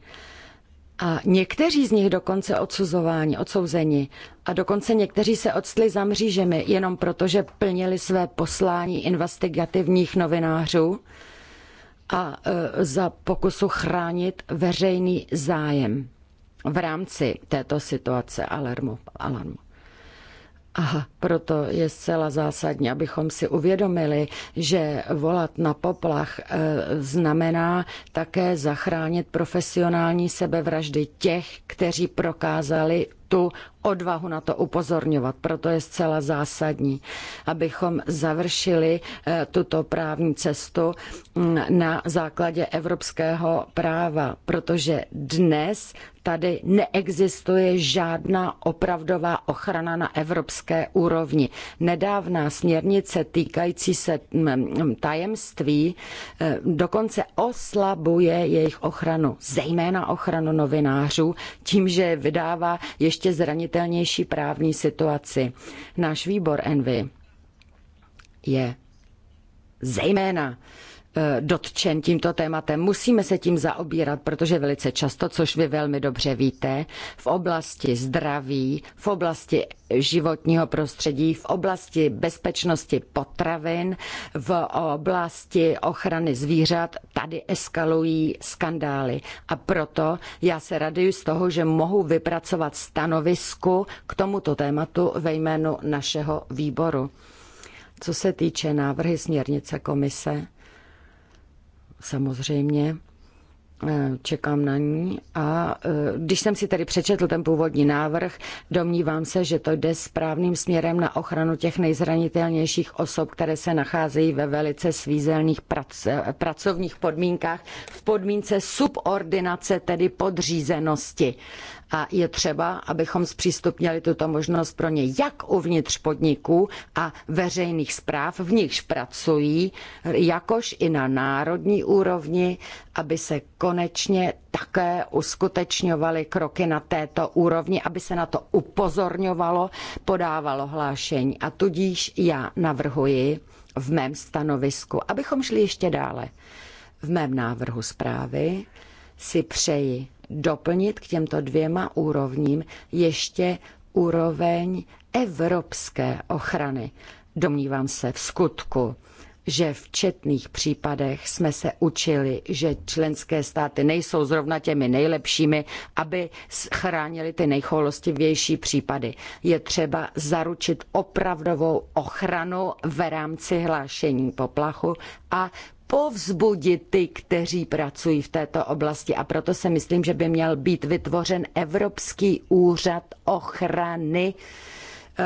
A někteří z nich dokonce odsuzováni, odsouzeni. A dokonce někteří se odstli za mřížemi jenom proto, že plnili své poslání investigativních novinářů a e, za pokusu chránit veřejný zájem v rámci této situace alarmu. alarmu. Aha. Proto je zcela zásadní, abychom si uvědomili, že volat na poplach eh, znamená také zachránit profesionální sebevraždy těch, kteří prokázali tu odvahu na to upozorňovat. Proto je zcela zásadní, abychom završili eh, tuto právní cestu mm, na základě evropského práva, protože dnes tady neexistuje žádná opravdová ochrana na evropské úrovni úrovni. Nedávná směrnice týkající se mm, mm, tajemství eh, dokonce oslabuje jejich ochranu, zejména ochranu novinářů, tím, že vydává ještě zranitelnější právní situaci. Náš výbor Envy je zejména Eh, dotčen tímto tématem. Musíme se tím zaobírat, protože velice často, což vy velmi dobře víte, v oblasti zdraví, v oblasti životního prostředí, v oblasti bezpečnosti potravin, v oblasti ochrany zvířat, tady eskalují skandály. A proto já se raduji z toho, že mohu vypracovat stanovisku k tomuto tématu ve jménu našeho výboru. Co se týče návrhy směrnice komise, samozřejmě Eh, čekám na ní a eh, když jsem si tedy přečetl ten původní návrh, domnívám se, že to jde správným směrem na ochranu těch nejzranitelnějších osob, které se nacházejí ve velice svízelných prac, eh, pracovních podmínkách, v podmínce subordinace, tedy podřízenosti. A je třeba, abychom zpřístupnili tuto možnost pro ně jak uvnitř podniků a veřejných zpráv, v nichž pracují, jakož i na národní úrovni, aby se kon konečně také uskutečňovaly kroky na této úrovni, aby se na to upozorňovalo, podávalo hlášení. A tudíž já navrhuji v mém stanovisku, abychom šli ještě dále. V mém návrhu zprávy si přeji doplnit k těmto dvěma úrovním ještě úroveň evropské ochrany. Domnívám se v skutku, že v četných případech jsme se učili, že členské státy nejsou zrovna těmi nejlepšími, aby chránili ty nejcholostivější případy. Je třeba zaručit opravdovou ochranu v rámci hlášení poplachu a povzbudit ty, kteří pracují v této oblasti. A proto si myslím, že by měl být vytvořen Evropský úřad ochrany Eh,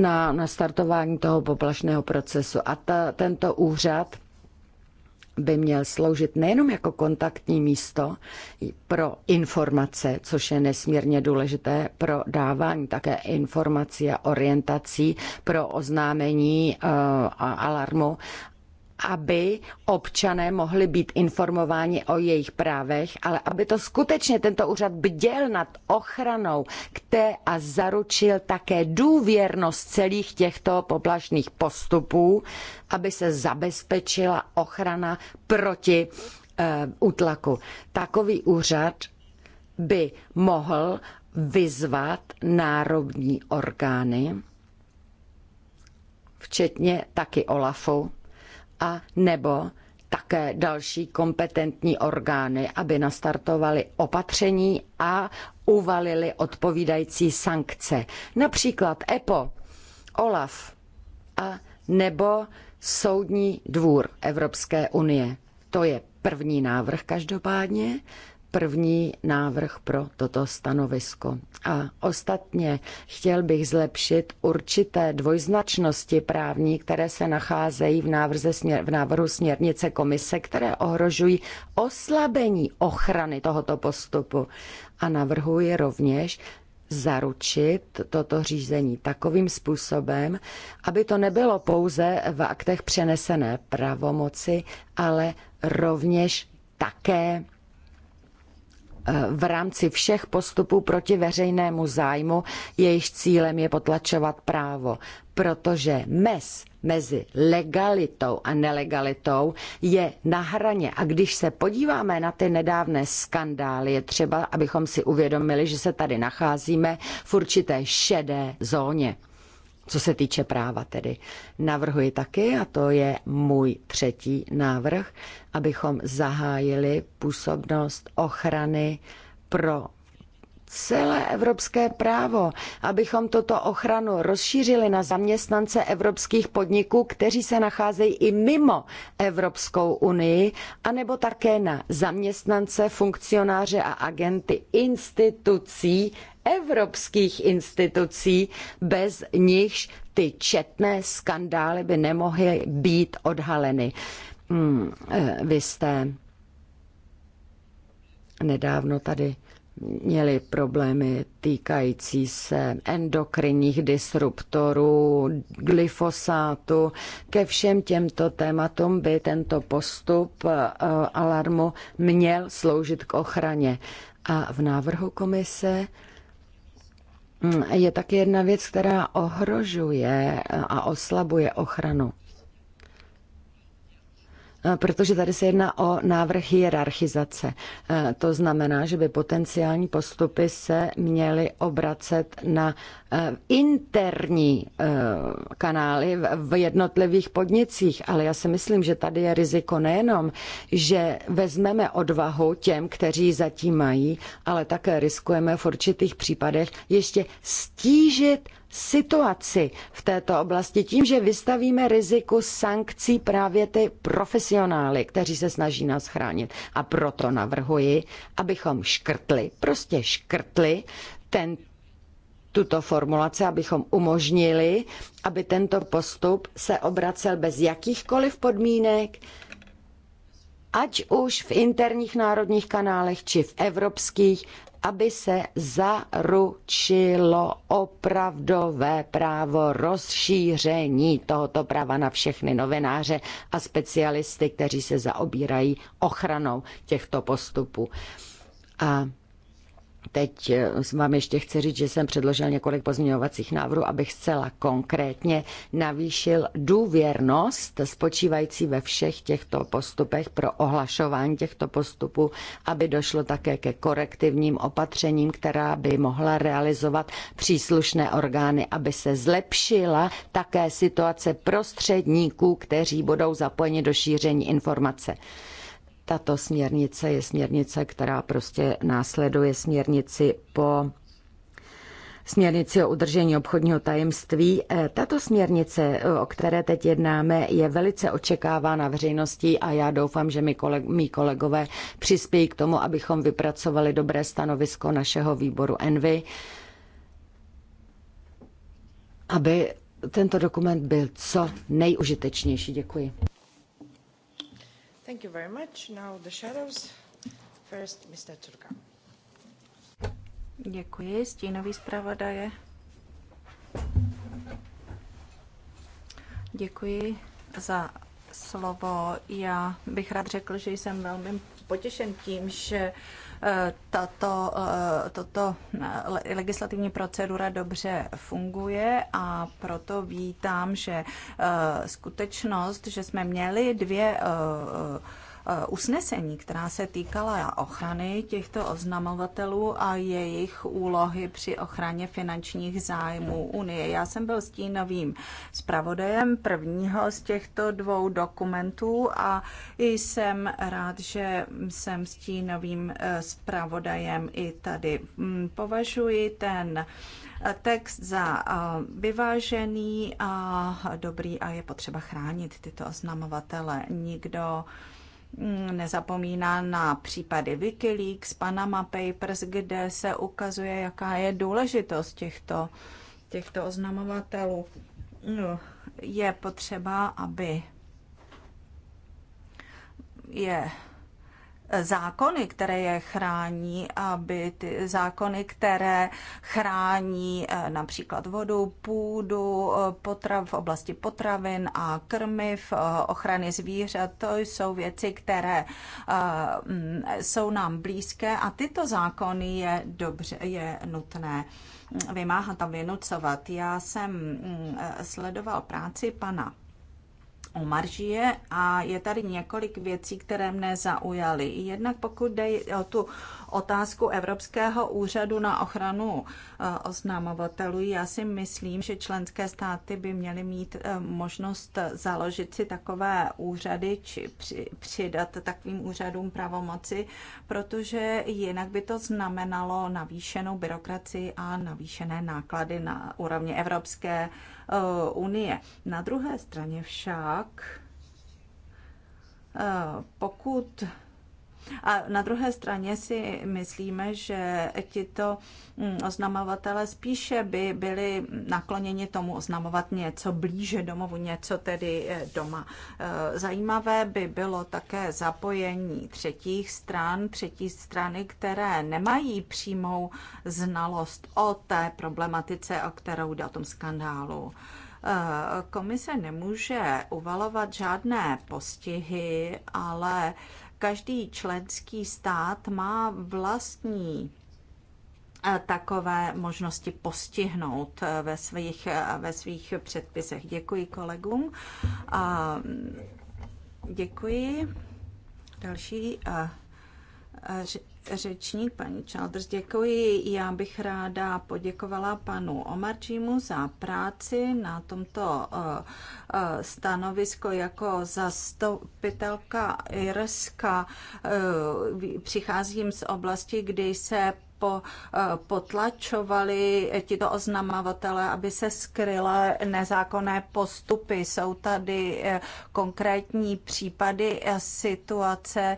na, na startování toho poplašného procesu. A ta, tento úřad by měl sloužit nejenom jako kontaktní místo pro informace, což je nesmírně důležité pro dávání také informací a orientací pro oznámení eh, a alarmu, aby občané mohli být informováni o jejich právech, ale aby to skutečně tento úřad bděl nad ochranou, které a zaručil také důvěrnost celých těchto poplašných postupů, aby se zabezpečila ochrana proti e, útlaku. Takový úřad by mohl vyzvat národní orgány, včetně taky OLAFu, a nebo také další kompetentní orgány, aby nastartovali opatření a uvalili odpovídající sankce. Například EPO, OLAF a nebo Soudní dvůr Evropské unie. To je první návrh každopádně první návrh pro toto stanovisko. A ostatně chtěl bych zlepšit určité dvojznačnosti právní, které se nacházejí v, návrze směr, v návrhu směrnice komise, které ohrožují oslabení ochrany tohoto postupu. A navrhuji rovněž zaručit toto řízení takovým způsobem, aby to nebylo pouze v aktech přenesené pravomoci, ale rovněž také v rámci všech postupů proti veřejnému zájmu, jejich cílem je potlačovat právo, protože mes mezi legalitou a nelegalitou je na hraně. A když se podíváme na ty nedávné skandály, je třeba, abychom si uvědomili, že se tady nacházíme v určité šedé zóně. Co se týče práva tedy, navrhuji taky, a to je můj třetí návrh, abychom zahájili působnost ochrany pro celé evropské právo, abychom toto ochranu rozšířili na zaměstnance evropských podniků, kteří se nacházejí i mimo Evropskou unii, anebo také na zaměstnance, funkcionáře a agenty institucí, evropských institucí, bez nichž ty četné skandály by nemohly být odhaleny. Hmm, eh, vy jste nedávno tady měli problémy týkající se endokrinních disruptorů, glyfosátu. Ke všem těmto tématům by tento postup eh, alarmu měl sloužit k ochraně. A v návrhu komise mm, je tak jedna věc, která ohrožuje a oslabuje ochranu Eh, protože tady se jedná o návrh hierarchizace. Eh, to znamená, že by potenciální postupy se měly obracet na eh, interní kanály v jednotlivých podnicích, ale já si myslím, že tady je riziko nejenom, že vezmeme odvahu těm, kteří zatím mají, ale také riskujeme v určitých případech ještě stížit situaci v této oblasti tím, že vystavíme riziku sankcí právě ty profesionály, kteří se snaží nás chránit. A proto navrhuji, abychom škrtli, prostě škrtli ten tuto formulaci, abychom umožnili, aby tento postup se obracel bez jakýchkoliv podmínek, ať už v interních národních kanálech či v evropských, aby se zaručilo opravdové právo rozšíření tohoto práva na všechny novináře a specialisty, kteří se zaobírají ochranou těchto postupů. A Teď eh, vám ještě chci říct, že jsem předložil několik pozměňovacích návrhů, abych zcela konkrétně navýšil důvěrnost spočívající ve všech těchto postupech pro ohlašování těchto postupů, aby došlo také ke korektivním opatřením, která by mohla realizovat příslušné orgány, aby se zlepšila také situace prostředníků, kteří budou zapojeni do šíření informace. Tato směrnice je směrnice, která prostě následuje směrnici po směrnici o udržení obchodního tajemství. E, tato směrnice, e, o které teď jednáme, je velice očekávána veřejností a já doufám, že mi koleg, mý kolegové přispějí k tomu, abychom vypracovali dobré stanovisko našeho výboru Envy, aby tento dokument byl co nejužitečnější. Děkuji. Thank you very much. Now the shadows. First, Mr. Turka. Děkuji, stínový zpravodaje. Děkuji za slovo. Já bych rád řekl, že jsem velmi potěšen tím, že uh, Eh, tato, eh, toto eh, legislativní procedura dobře funguje a proto vítám, že skutečnost, že jsme měli dvě Eh, usnesení, která se týkala ochrany těchto oznamovatelů a jejich úlohy při ochraně finančních zájmů Unie. Já jsem byl stínovým zpravodajem prvního z těchto dvou dokumentů a jsem rád, že jsem stínovým eh, zpravodajem i tady. Mm, považuji ten eh, text za vyvážený a dobrý a je potřeba chránit tyto oznamovatele. Nikdo nezapomíná na případy Wikileaks, Panama Papers, kde se ukazuje, jaká je důležitost těchto, těchto oznamovatelů. No, je potřeba, aby je zákony, které je chrání, aby ty zákony, které chrání eh, například vodu, půdu, eh, potrav v oblasti potravin a krmiv, eh, ochrany zvířat, to jsou věci, které mm, jsou nám blízké a tyto zákony je dobře, je nutné vymáhat a vynucovat. Já jsem mm, sledoval práci pana o maržie a je tady několik věcí, které mne zaujaly. Jednak pokud jde o tu otázku Evropského úřadu na ochranu eh, oznamovatelů. Já si myslím, že členské státy by měly mít eh, možnost založit si takové úřady či přidat takovým úřadům pravomoci, protože jinak by to znamenalo navýšenou byrokracii a navýšené náklady na úrovni Evropské eh, unie. Na druhé straně však, pokud a na druhé straně si myslíme, že tito mm, oznamovatele spíše by byli nakloněni tomu oznamovat něco blíže domovu, něco tedy e, doma. E, zajímavé by bylo také zapojení třetích stran, třetí strany, které nemají přímou znalost o té problematice, o kterou jde o tom skandálu. E, komise nemůže uvalovat žádné postihy, ale Každý členský stát má vlastní eh, takové možnosti postihnout eh, ve svých, eh, ve svých předpisech. Děkuji kolegům. A mm, děkuji. Další řečník, paní Childers, děkuji. Já bych ráda poděkovala panu Omarčímu za práci na tomto eh, eh, stanovisko jako zastupitelka Irska. Eh, přicházím z oblasti, kdy se po, eh, potlačovali tito oznamovatele, aby se skryly nezákonné postupy. Jsou tady eh, konkrétní případy eh, situace,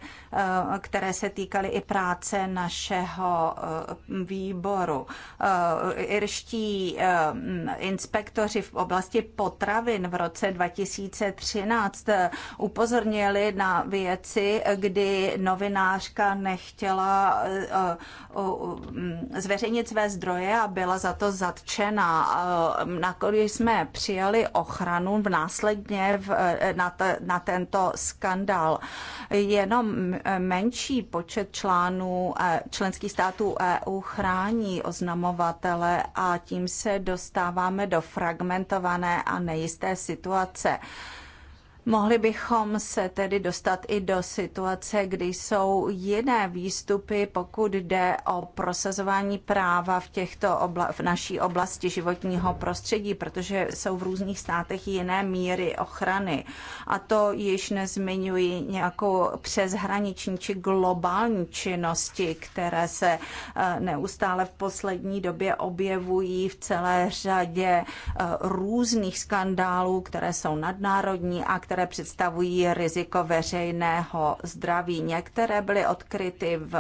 které se týkaly i práce našeho výboru. Irští inspektoři v oblasti potravin v roce 2013 upozornili na věci, kdy novinářka nechtěla Mm, zveřejnit své zdroje a byla za to zatčena. Eh, Nakonec jsme přijali ochranu v následně v, eh, na, t, na tento skandal? Jenom menší počet článů eh, členských států EU chrání oznamovatele a tím se dostáváme do fragmentované a nejisté situace. Mohli bychom se tedy dostat i do situace, kdy jsou jiné výstupy, pokud jde o prosazování práva v, těchto obla- v naší oblasti životního prostředí, protože jsou v různých státech jiné míry ochrany. A to již nezmiňuji nějakou přeshraniční či globální činnosti, které se eh, neustále v poslední době objevují v celé řadě eh, různých skandálů, které jsou nadnárodní a které které představují riziko veřejného zdraví. Některé byly odkryty v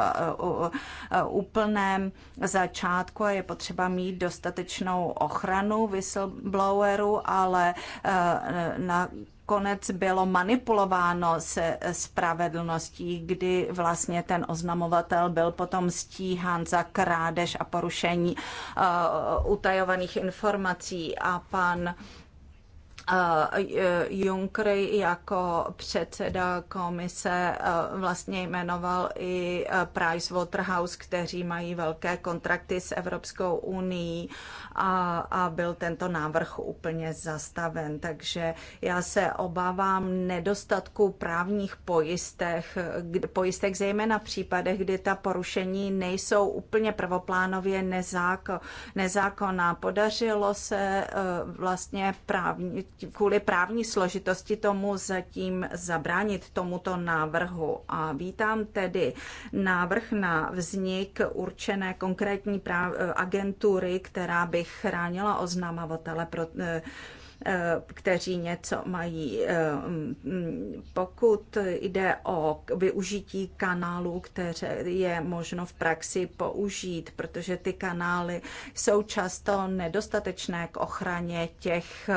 úplném začátku a je potřeba mít dostatečnou ochranu whistleblowerů, ale eh, na konec bylo manipulováno se spravedlností, kdy vlastně ten oznamovatel byl potom stíhán za krádež a porušení uh, utajovaných informací a pan Eh, Juncker jako předseda komise eh, vlastně jmenoval i eh, Price Waterhouse, kteří mají velké kontrakty s Evropskou unii a, a byl tento návrh úplně zastaven. Takže já se obávám nedostatku právních pojistech, pojistek zejména v případech, kdy ta porušení nejsou úplně prvoplánově nezákonná. Podařilo se vlastně právní kvůli právní složitosti tomu zatím zabránit tomuto návrhu. A vítám tedy návrh na vznik určené konkrétní agentury, která by chránila oznamovatele pro eh, Eh, kteří něco mají. Eh, mm, pokud jde o využití kanálů, které je možno v praxi použít, protože ty kanály jsou často nedostatečné k ochraně těch, eh,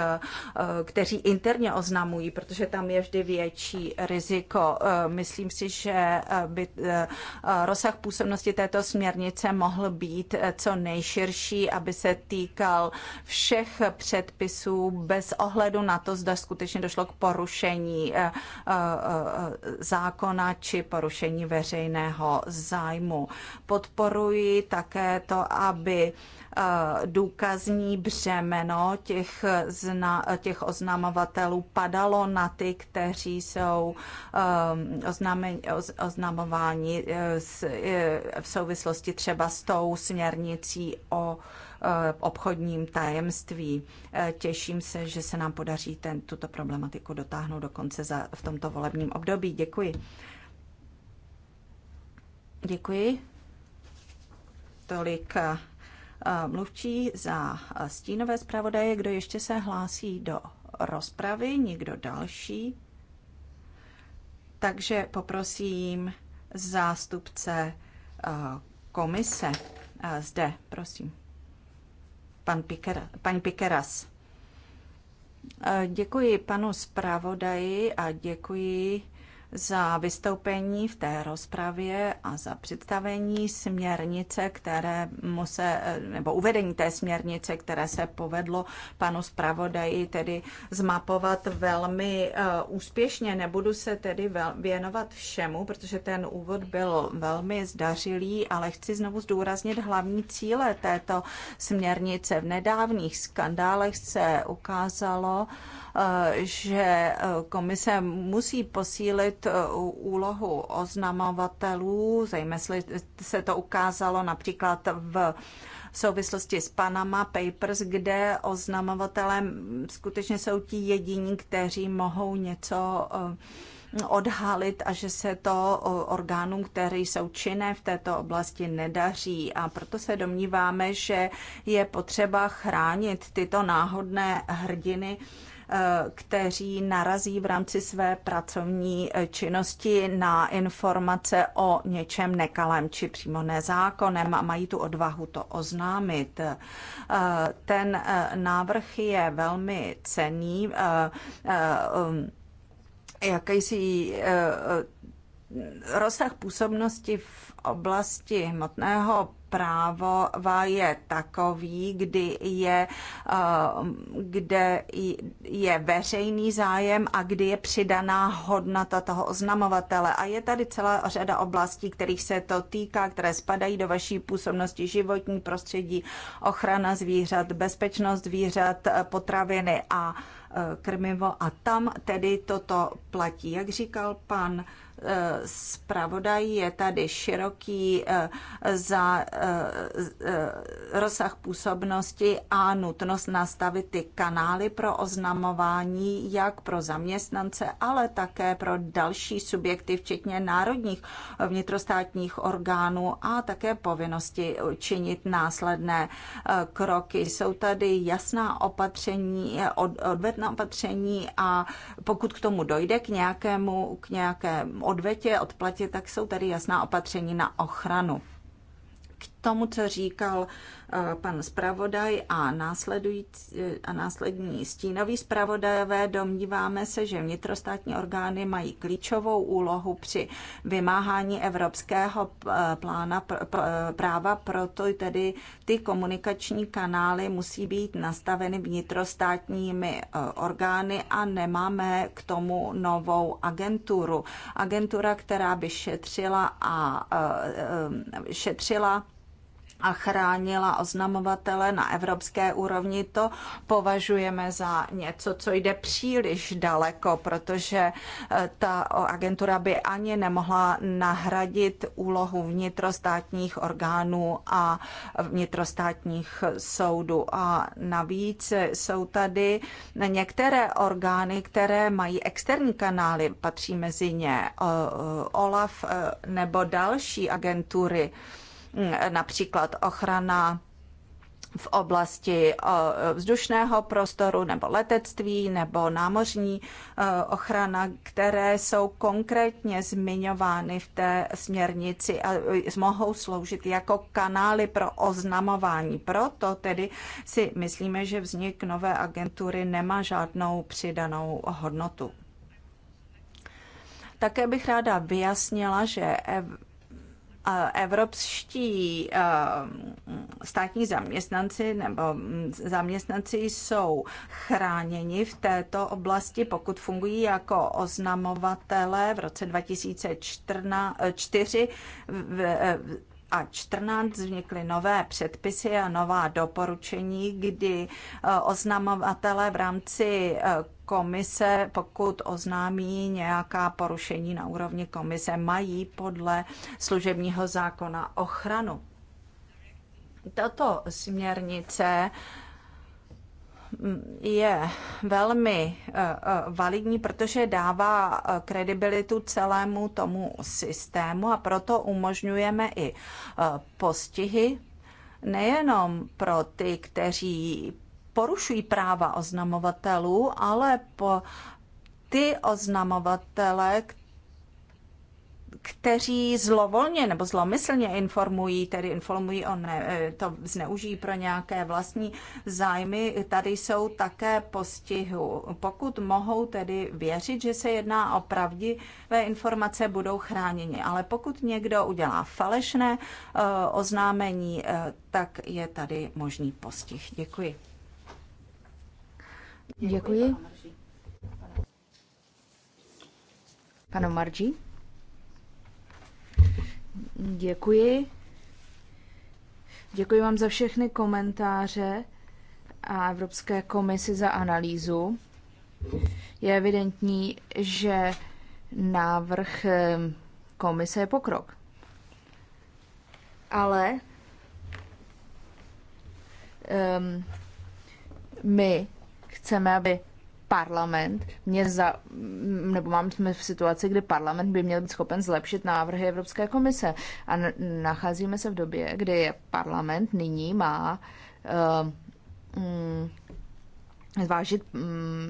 kteří interně oznamují, protože tam je vždy větší riziko. Myslím si, že by rozsah působnosti této směrnice mohl být co nejširší, aby se týkal všech předpisů bez ohledu na to, zda skutečně došlo k porušení eh, eh, eh, zákona či porušení veřejného zájmu. Podporuji také to, aby důkazní břemeno těch, zna, těch oznamovatelů padalo na ty, kteří jsou oznámen, oznamováni v souvislosti třeba s tou směrnicí o obchodním tajemství. Eh, těším se, že se nám podaří ten, tuto problematiku dotáhnout do konce za, v tomto volebním období. Děkuji. Děkuji. Tolik eh, mluvčí za eh, stínové zpravodaje. Kdo ještě se hlásí do rozpravy? Nikdo další? Takže poprosím zástupce komise zde, prosím pan Piker, paní Pikeras. E, děkuji panu zpravodaji a děkuji za vystoupení v té rozpravě a za představení směrnice, které mu se, nebo uvedení té směrnice, které se povedlo panu zpravodaji tedy zmapovat velmi eh, úspěšně. Nebudu se tedy věnovat všemu, protože ten úvod byl velmi zdařilý, ale chci znovu zdůraznit hlavní cíle této směrnice. V nedávných skandálech se ukázalo, eh, že eh, komise musí posílit posílit e, úlohu oznamovatelů, zejména se to ukázalo například v v souvislosti s Panama Papers, kde oznamovatelé skutečně jsou ti jediní, kteří mohou něco e, odhalit a že se to e, orgánům, které jsou činné v této oblasti, nedaří. A proto se domníváme, že je potřeba chránit tyto náhodné hrdiny Eh, kteří narazí v rámci své pracovní eh, činnosti na informace o něčem nekalém či přímo nezákonem a mají tu odvahu to oznámit. Eh, ten návrh je velmi cený, um, jakýsi rozsah působnosti v oblasti hmotného právo je takový, kdy je, eh, kde je veřejný zájem a kdy je přidaná hodnota toho oznamovatele. A je tady celá řada oblastí, kterých se to týká, které spadají do vaší působnosti životní prostředí, ochrana zvířat, bezpečnost zvířat, eh, potraviny a eh, krmivo. A tam tedy toto platí. Jak říkal pan zpravodaj je tady široký eh, za eh, eh, rozsah působnosti a nutnost nastavit ty kanály pro oznamování jak pro zaměstnance, ale také pro další subjekty, včetně národních vnitrostátních orgánů a také povinnosti činit následné kroky. Jsou tady jasná opatření, odvetná opatření a pokud k tomu dojde k nějakému, k nějakému odvetě, odplatě, tak jsou tady jasná opatření na ochranu. K tomu, co říkal eh, pan zpravodaj a, následující, eh, a následní stínový zpravodajové, domníváme se, že vnitrostátní orgány mají klíčovou úlohu při vymáhání evropského eh, plána práva, proto tedy ty komunikační kanály musí být nastaveny vnitrostátními orgány a nemáme k tomu novou agenturu. Agentura, která by šetřila a šetřila a chránila oznamovatele na evropské úrovni, to považujeme za něco, co jde příliš daleko, protože eh, ta agentura by ani nemohla nahradit úlohu vnitrostátních orgánů a vnitrostátních soudů. A navíc jsou tady některé orgány, které mají externí kanály, patří mezi ně eh, OLAF eh, nebo další agentury například ochrana v oblasti vzdušného prostoru nebo letectví nebo námořní ochrana, které jsou konkrétně zmiňovány v té směrnici a e, mohou sloužit jako kanály pro oznamování. Proto tedy si myslíme, že vznik nové agentury nemá žádnou přidanou hodnotu. Také bych ráda vyjasnila, že evropští eh, státní zaměstnanci nebo mm, zaměstnanci jsou chráněni v této oblasti, pokud fungují jako oznamovatele v roce 2004 eh, eh, a 14 vznikly nové předpisy a nová doporučení, kdy oznamovatele v rámci komise, pokud oznámí nějaká porušení na úrovni komise, mají podle služebního zákona ochranu. Tato směrnice mm, je velmi e, e, validní, protože dává e, kredibilitu celému tomu systému a proto umožňujeme i postihy nejenom pro ty, kteří porušují práva oznamovatelů, ale po ty oznamovatele, kteří zlovolně nebo zlomyslně informují, tedy informují o ne, eh, to zneužijí pro nějaké vlastní zájmy, tady jsou také postihu. Pokud mohou tedy věřit, že se jedná o pravdivé informace, budou chráněni. Ale pokud někdo udělá falešné eh, oznámení, eh, tak je tady možný postih. Děkuji. Děkuji. Pane Marži. Děkuji. Děkuji vám za všechny komentáře a Evropské komisi za analýzu. Je evidentní, že návrh eh, komise je pokrok. Ale um, my chceme, aby parlament mě za, nebo mám jsme v situaci, kdy parlament by měl být schopen zlepšit návrhy Evropské komise. A nacházíme se v době, kdy parlament nyní má uh, zvážit um,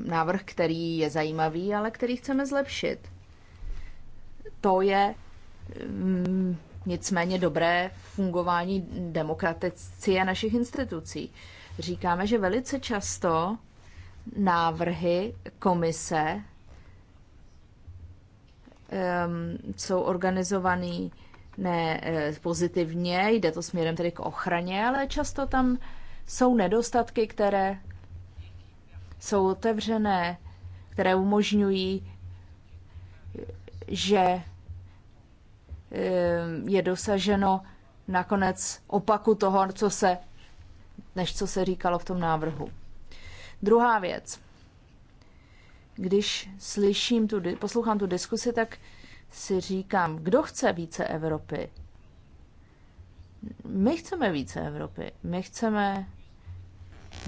návrh, který je zajímavý, ale který chceme zlepšit. To je um, nicméně dobré fungování demokracie našich institucí. Říkáme, že velice často návrhy komise um, jsou organizovaný ne e, pozitivně, jde to směrem tedy k ochraně, ale často tam jsou nedostatky, které jsou otevřené, které umožňují, že je dosaženo nakonec opaku toho, co se, než co se říkalo v tom návrhu. Druhá věc. Když slyším tu, poslouchám tu diskusi, tak si říkám, kdo chce více Evropy? My chceme více Evropy. My chceme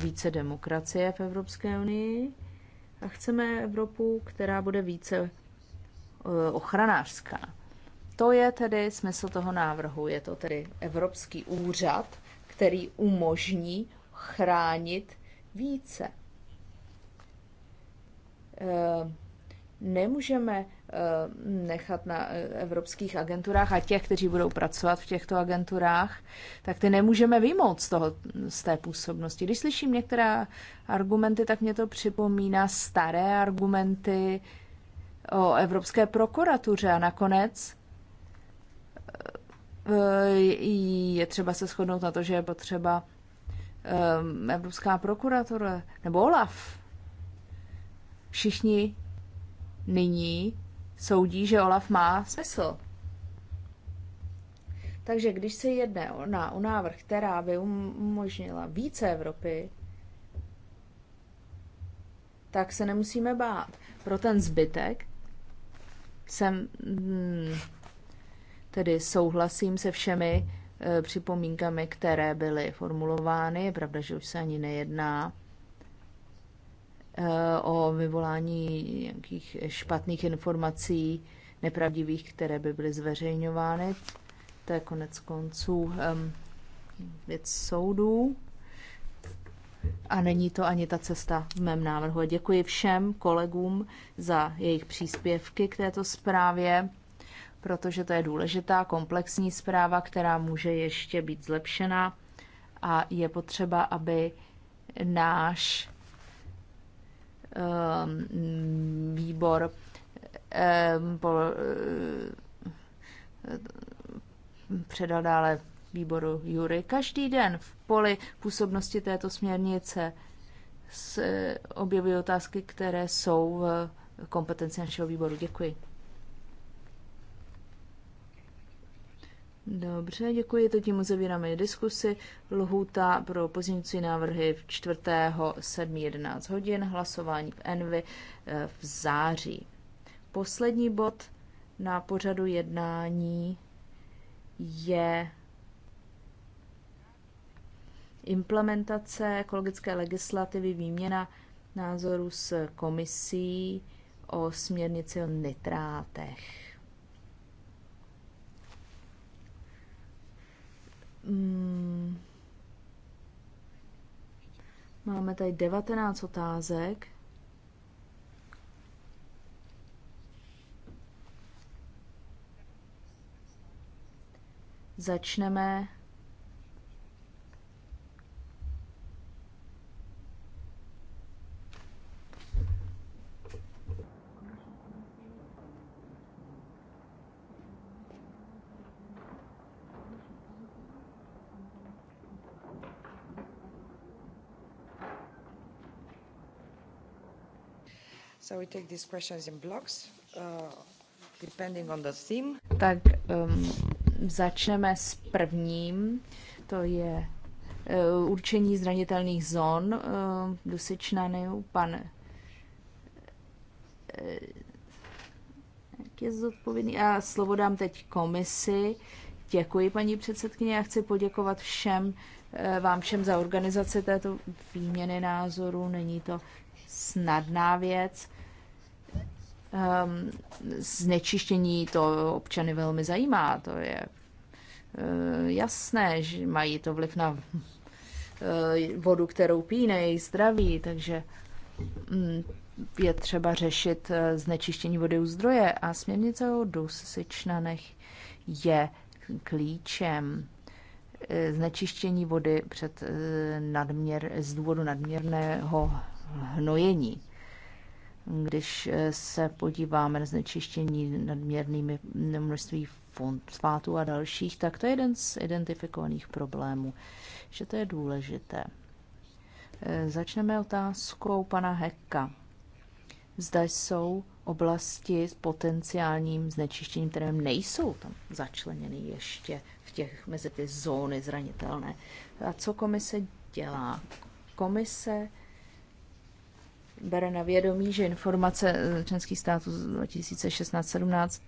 více demokracie v Evropské unii a chceme Evropu, která bude více eh, ochranářská. To je tedy smysl toho návrhu. Je to tedy Evropský úřad, který umožní chránit více. Eh, nemůžeme eh, nechat na eh, evropských agenturách a těch, kteří budou pracovat v těchto agenturách, tak ty nemůžeme vymout z, toho, z té působnosti. Když slyším některé argumenty, tak mě to připomíná staré argumenty o Evropské prokuratuře a nakonec je třeba se shodnout na to, že je potřeba Evropská prokuratura nebo OLAF, všichni nyní soudí, že Olaf má smysl. Takže když se jedne o, na, o návrh, která by umožnila více Evropy, tak se nemusíme bát. Pro ten zbytek jsem hmm, tedy souhlasím se všemi e, připomínkami, které byly formulovány. Je pravda, že už se ani nejedná Eh, o vyvolání nějakých špatných informací, nepravdivých, které by byly zveřejňovány. To je konec konců věc soudů. A není to ani ta cesta v mém návrhu. A děkuji všem kolegům za jejich příspěvky k této zprávě, protože to je důležitá komplexní zpráva, která může ještě být zlepšena a je potřeba, aby náš Ehm, výbor ehm, ehm, předal dále výboru Jury. Každý den v poli působnosti této směrnice objevují otázky, které jsou v kompetenci našeho výboru. Děkuji. Dobře, děkuji. To tím uzavíráme diskusi. Lhůta pro pozměňující návrhy v 4. 7. 11 hodin, hlasování v Envy eh, v září. Poslední bod na pořadu jednání je implementace ekologické legislativy, výměna názoru s komisí o směrnici o nitrátech. Mm. Máme tady 19 otázek. Začneme So we take these questions in blocks, uh, depending on the theme. Tak um, začneme s prvním, to je uh, určení zranitelných zón uh, dusičnanů. Pan uh, jak je zodpovědný a slovo dám teď komisi. Děkuji, paní předsedkyně, a chci poděkovat všem, uh, vám všem za organizaci této výměny názorů. Není to snadná věc um, znečištění to občany velmi zajímá. To je uh, jasné, že mají to vliv na uh, vodu, kterou pijí, na zdraví, takže um, je třeba řešit uh, znečištění vody u zdroje a směrnice o dusičnanech je klíčem znečištění vody před nadměr, z důvodu nadměrného hnojení. Když eh, se podíváme na znečištění nadměrnými množství fosfátů a dalších, tak to je jeden z identifikovaných problémů, že to je důležité. Eh, začneme otázkou pana Hekka. Zda jsou oblasti s potenciálním znečištěním, které nejsou tam začleněny ještě v těch, mezi ty zóny zranitelné. A co komise dělá? Komise bere na vědomí, že informace eh, členských států z 2016-17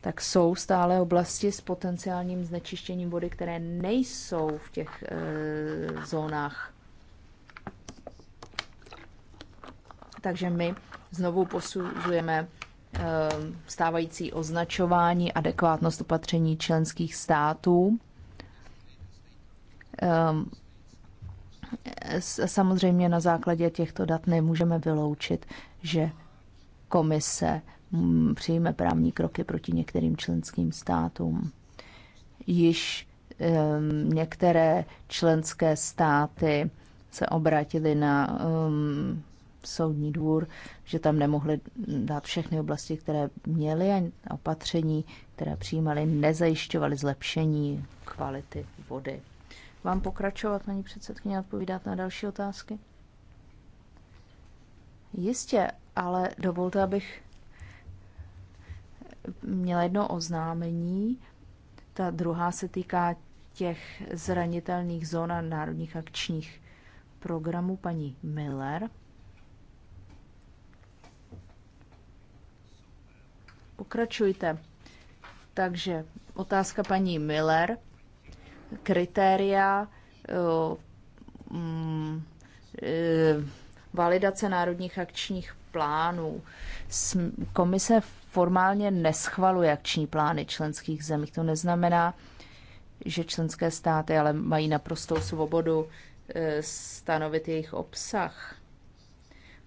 tak jsou stále oblasti s potenciálním znečištěním vody, které nejsou v těch e, zónách. Takže my znovu posuzujeme e, stávající označování, adekvátnost opatření členských států. E, Samozřejmě na základě těchto dat nemůžeme vyloučit, že komise mm, přijme právní kroky proti některým členským státům. Již um, některé členské státy se obrátily na um, soudní dvůr, že tam nemohli dát všechny oblasti, které měly a opatření, které přijímali, nezajišťovaly zlepšení kvality vody vám pokračovat, paní předsedkyně, odpovídat na další otázky? Jistě, ale dovolte, abych měla jedno oznámení. Ta druhá se týká těch zranitelných zón a národních akčních programů paní Miller. Pokračujte. Takže otázka paní Miller kritéria eh, mm, eh, validace národních akčních plánů. Komise formálně neschvaluje akční plány členských zemí. To neznamená, že členské státy ale mají naprostou svobodu eh, stanovit jejich obsah.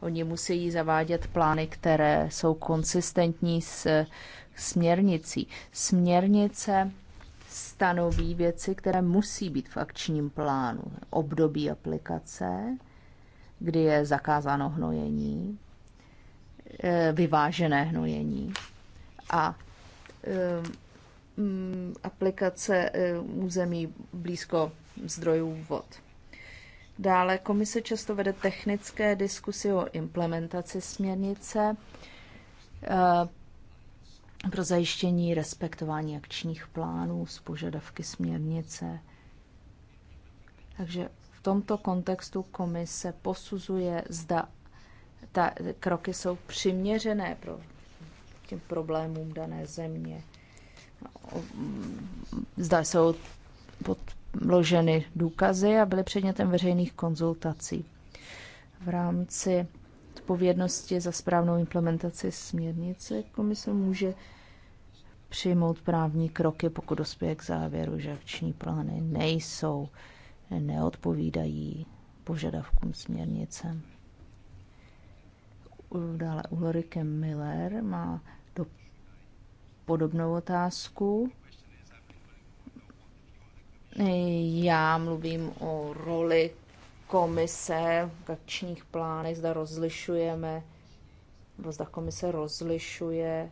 Oni musí zavádět plány, které jsou konsistentní s směrnicí. Směrnice stanoví věci, které musí být v akčním plánu. Období aplikace, kdy je zakázáno hnojení, eh, vyvážené hnojení a eh, mm, aplikace eh, území blízko zdrojů vod. Dále komise často vede technické diskusy o implementaci směrnice, pro zajištění respektování akčních plánů z požadavky směrnice. Takže v tomto kontextu komise posuzuje, zda ta kroky jsou přiměřené pro těm problémům dané země. Zda jsou podloženy důkazy a byly předmětem veřejných konzultací. V rámci odpovědnosti za správnou implementaci směrnice komise může přijmout právní kroky, pokud dospěje k závěru, že akční plány nejsou, neodpovídají požadavkům směrnice. Dále Ulrike Miller má do podobnou otázku. Já mluvím o roli komise v akčních plánech, zda rozlišujeme, nebo zda komise rozlišuje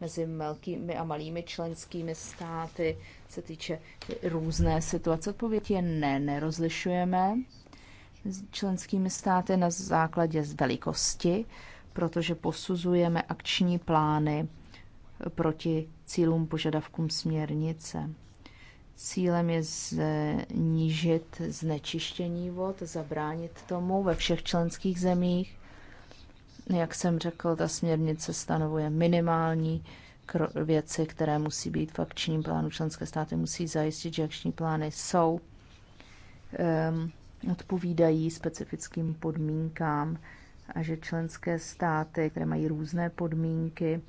mezi velkými a malými členskými státy, se týče různé situace. Odpověď je ne, nerozlišujeme s členskými státy na základě z velikosti, protože posuzujeme akční plány proti cílům požadavkům směrnice. Cílem je znížit znečištění vod, zabránit tomu ve všech členských zemích. Jak jsem řekl, ta směrnice stanovuje minimální věci, které musí být v akčním plánu. Členské státy musí zajistit, že akční plány jsou, um, odpovídají specifickým podmínkám a že členské státy, které mají různé podmínky,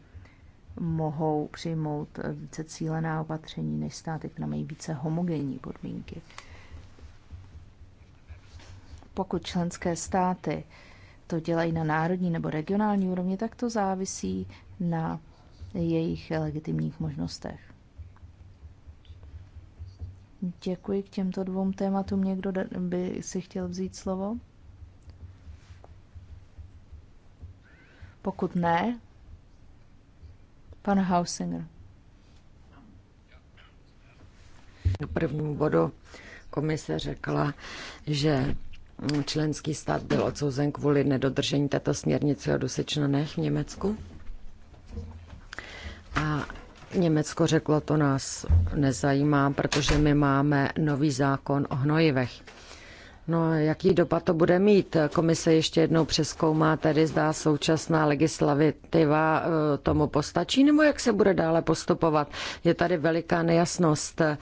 mohou přijmout více cílená opatření než státy, které mají více homogenní podmínky. Pokud členské státy to dělají na národní nebo regionální úrovni, tak to závisí na jejich legitimních možnostech. Děkuji k těmto dvou tématům. Někdo by si chtěl vzít slovo? Pokud ne, Pan Hausinger. Na prvním bodu komise řekla, že členský stát byl odsouzen kvůli nedodržení této směrnice o dusičnanech v Německu. A Německo řeklo, to nás nezajímá, protože my máme nový zákon o hnojivech. No jaký dopad to bude mít? Komise ještě jednou přeskoumá, tedy zdá současná legislativa eh, tomu postačí, nebo jak se bude dále postupovat? Je tady veliká nejasnost, eh,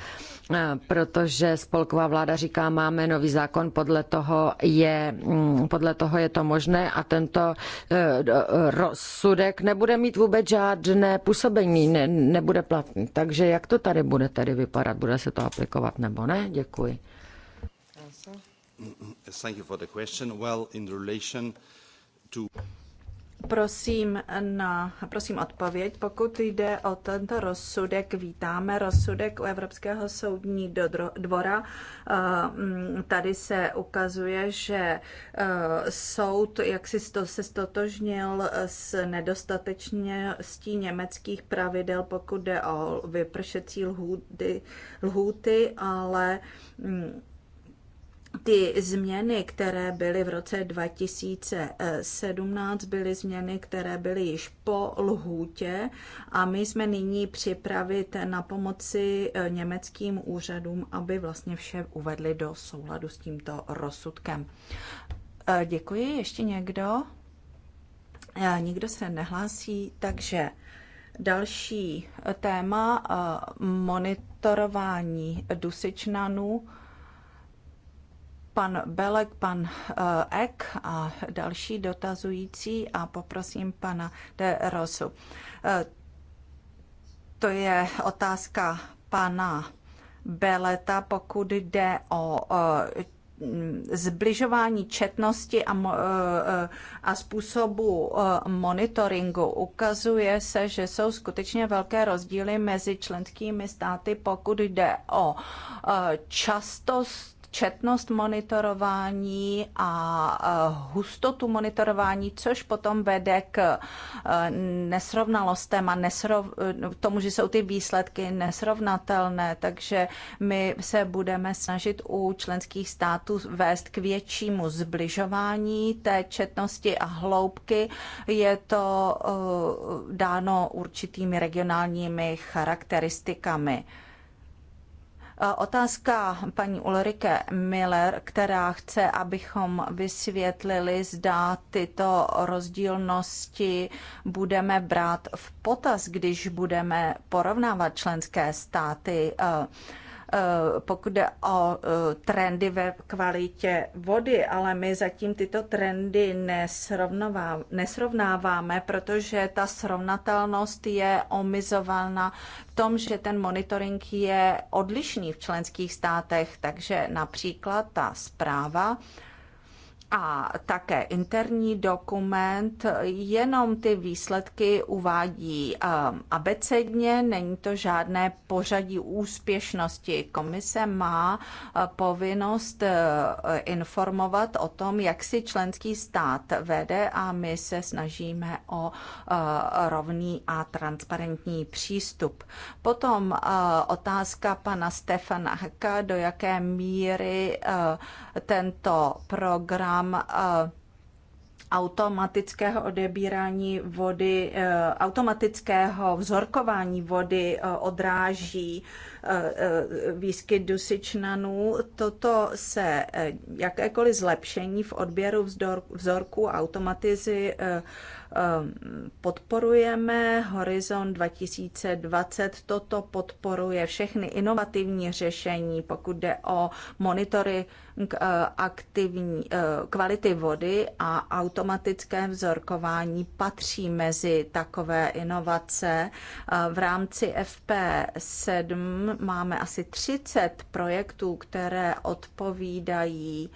protože spolková vláda říká, máme nový zákon, podle toho je, mm, podle toho je to možné a tento eh, rozsudek nebude mít vůbec žádné působení, ne, nebude platný. Takže jak to tady bude tady vypadat? Bude se to aplikovat nebo ne? Děkuji. Thank you for the question. Well, in relation to... Prosím, na, prosím odpověď. Pokud jde o tento rozsudek, vítáme rozsudek u Evropského soudní dvora. Eh, mm, tady se ukazuje, že eh, soud jak si to se stotožnil s nedostatečností německých pravidel, pokud jde o vypršecí lhůty, lhůty ale mm, ty změny, které byly v roce 2017, byly změny, které byly již po lhůtě a my jsme nyní připravit na pomoci e, německým úřadům, aby vlastně vše uvedli do souladu s tímto rozsudkem. E, děkuji. Ještě někdo? E, nikdo se nehlásí, takže další téma monitorování dusičnanů pan Belek, pan eh, Ek a další dotazující a poprosím pana de Rosu. Eh, to je otázka pana Beleta, pokud jde o eh, zbližování četnosti a, a způsobu monitoringu. Ukazuje se, že jsou skutečně velké rozdíly mezi členskými státy, pokud jde o častost četnost monitorování a e, hustotu monitorování, což potom vede k e, nesrovnalostem a nesrov, e, tomu, že jsou ty výsledky nesrovnatelné. Takže my se budeme snažit u členských států vést k většímu zbližování té četnosti a hloubky. Je to dáno určitými regionálními charakteristikami. Otázka paní Ulrike Miller, která chce, abychom vysvětlili, zda tyto rozdílnosti budeme brát v potaz, když budeme porovnávat členské státy. Eh, Eh, pokud jde o eh, trendy ve kvalitě vody, ale my zatím tyto trendy nesrovnáváme, protože ta srovnatelnost je omizována v tom, že ten monitoring je odlišný v členských státech, takže například ta zpráva, a také interní dokument. Jenom ty výsledky uvádí um, abecedně, není to žádné pořadí úspěšnosti. Komise má uh, povinnost uh, informovat o tom, jak si členský stát vede a my se snažíme o uh, rovný a transparentní přístup. Potom otázka pana Stefana Heka, do jaké míry tento program mám eh, automatického odebírání vody, eh, automatického vzorkování vody eh, odráží výskyt dusičnanů. Toto se jakékoliv zlepšení v odběru vzorků automatizy Ehm, podporujeme. Horizon 2020 toto podporuje všechny inovativní řešení, pokud jde o monitory eh, aktivní eh, kvality vody a automatické vzorkování patří mezi takové inovace. Eh, v rámci FP7 máme asi 30 projektů, které odpovídají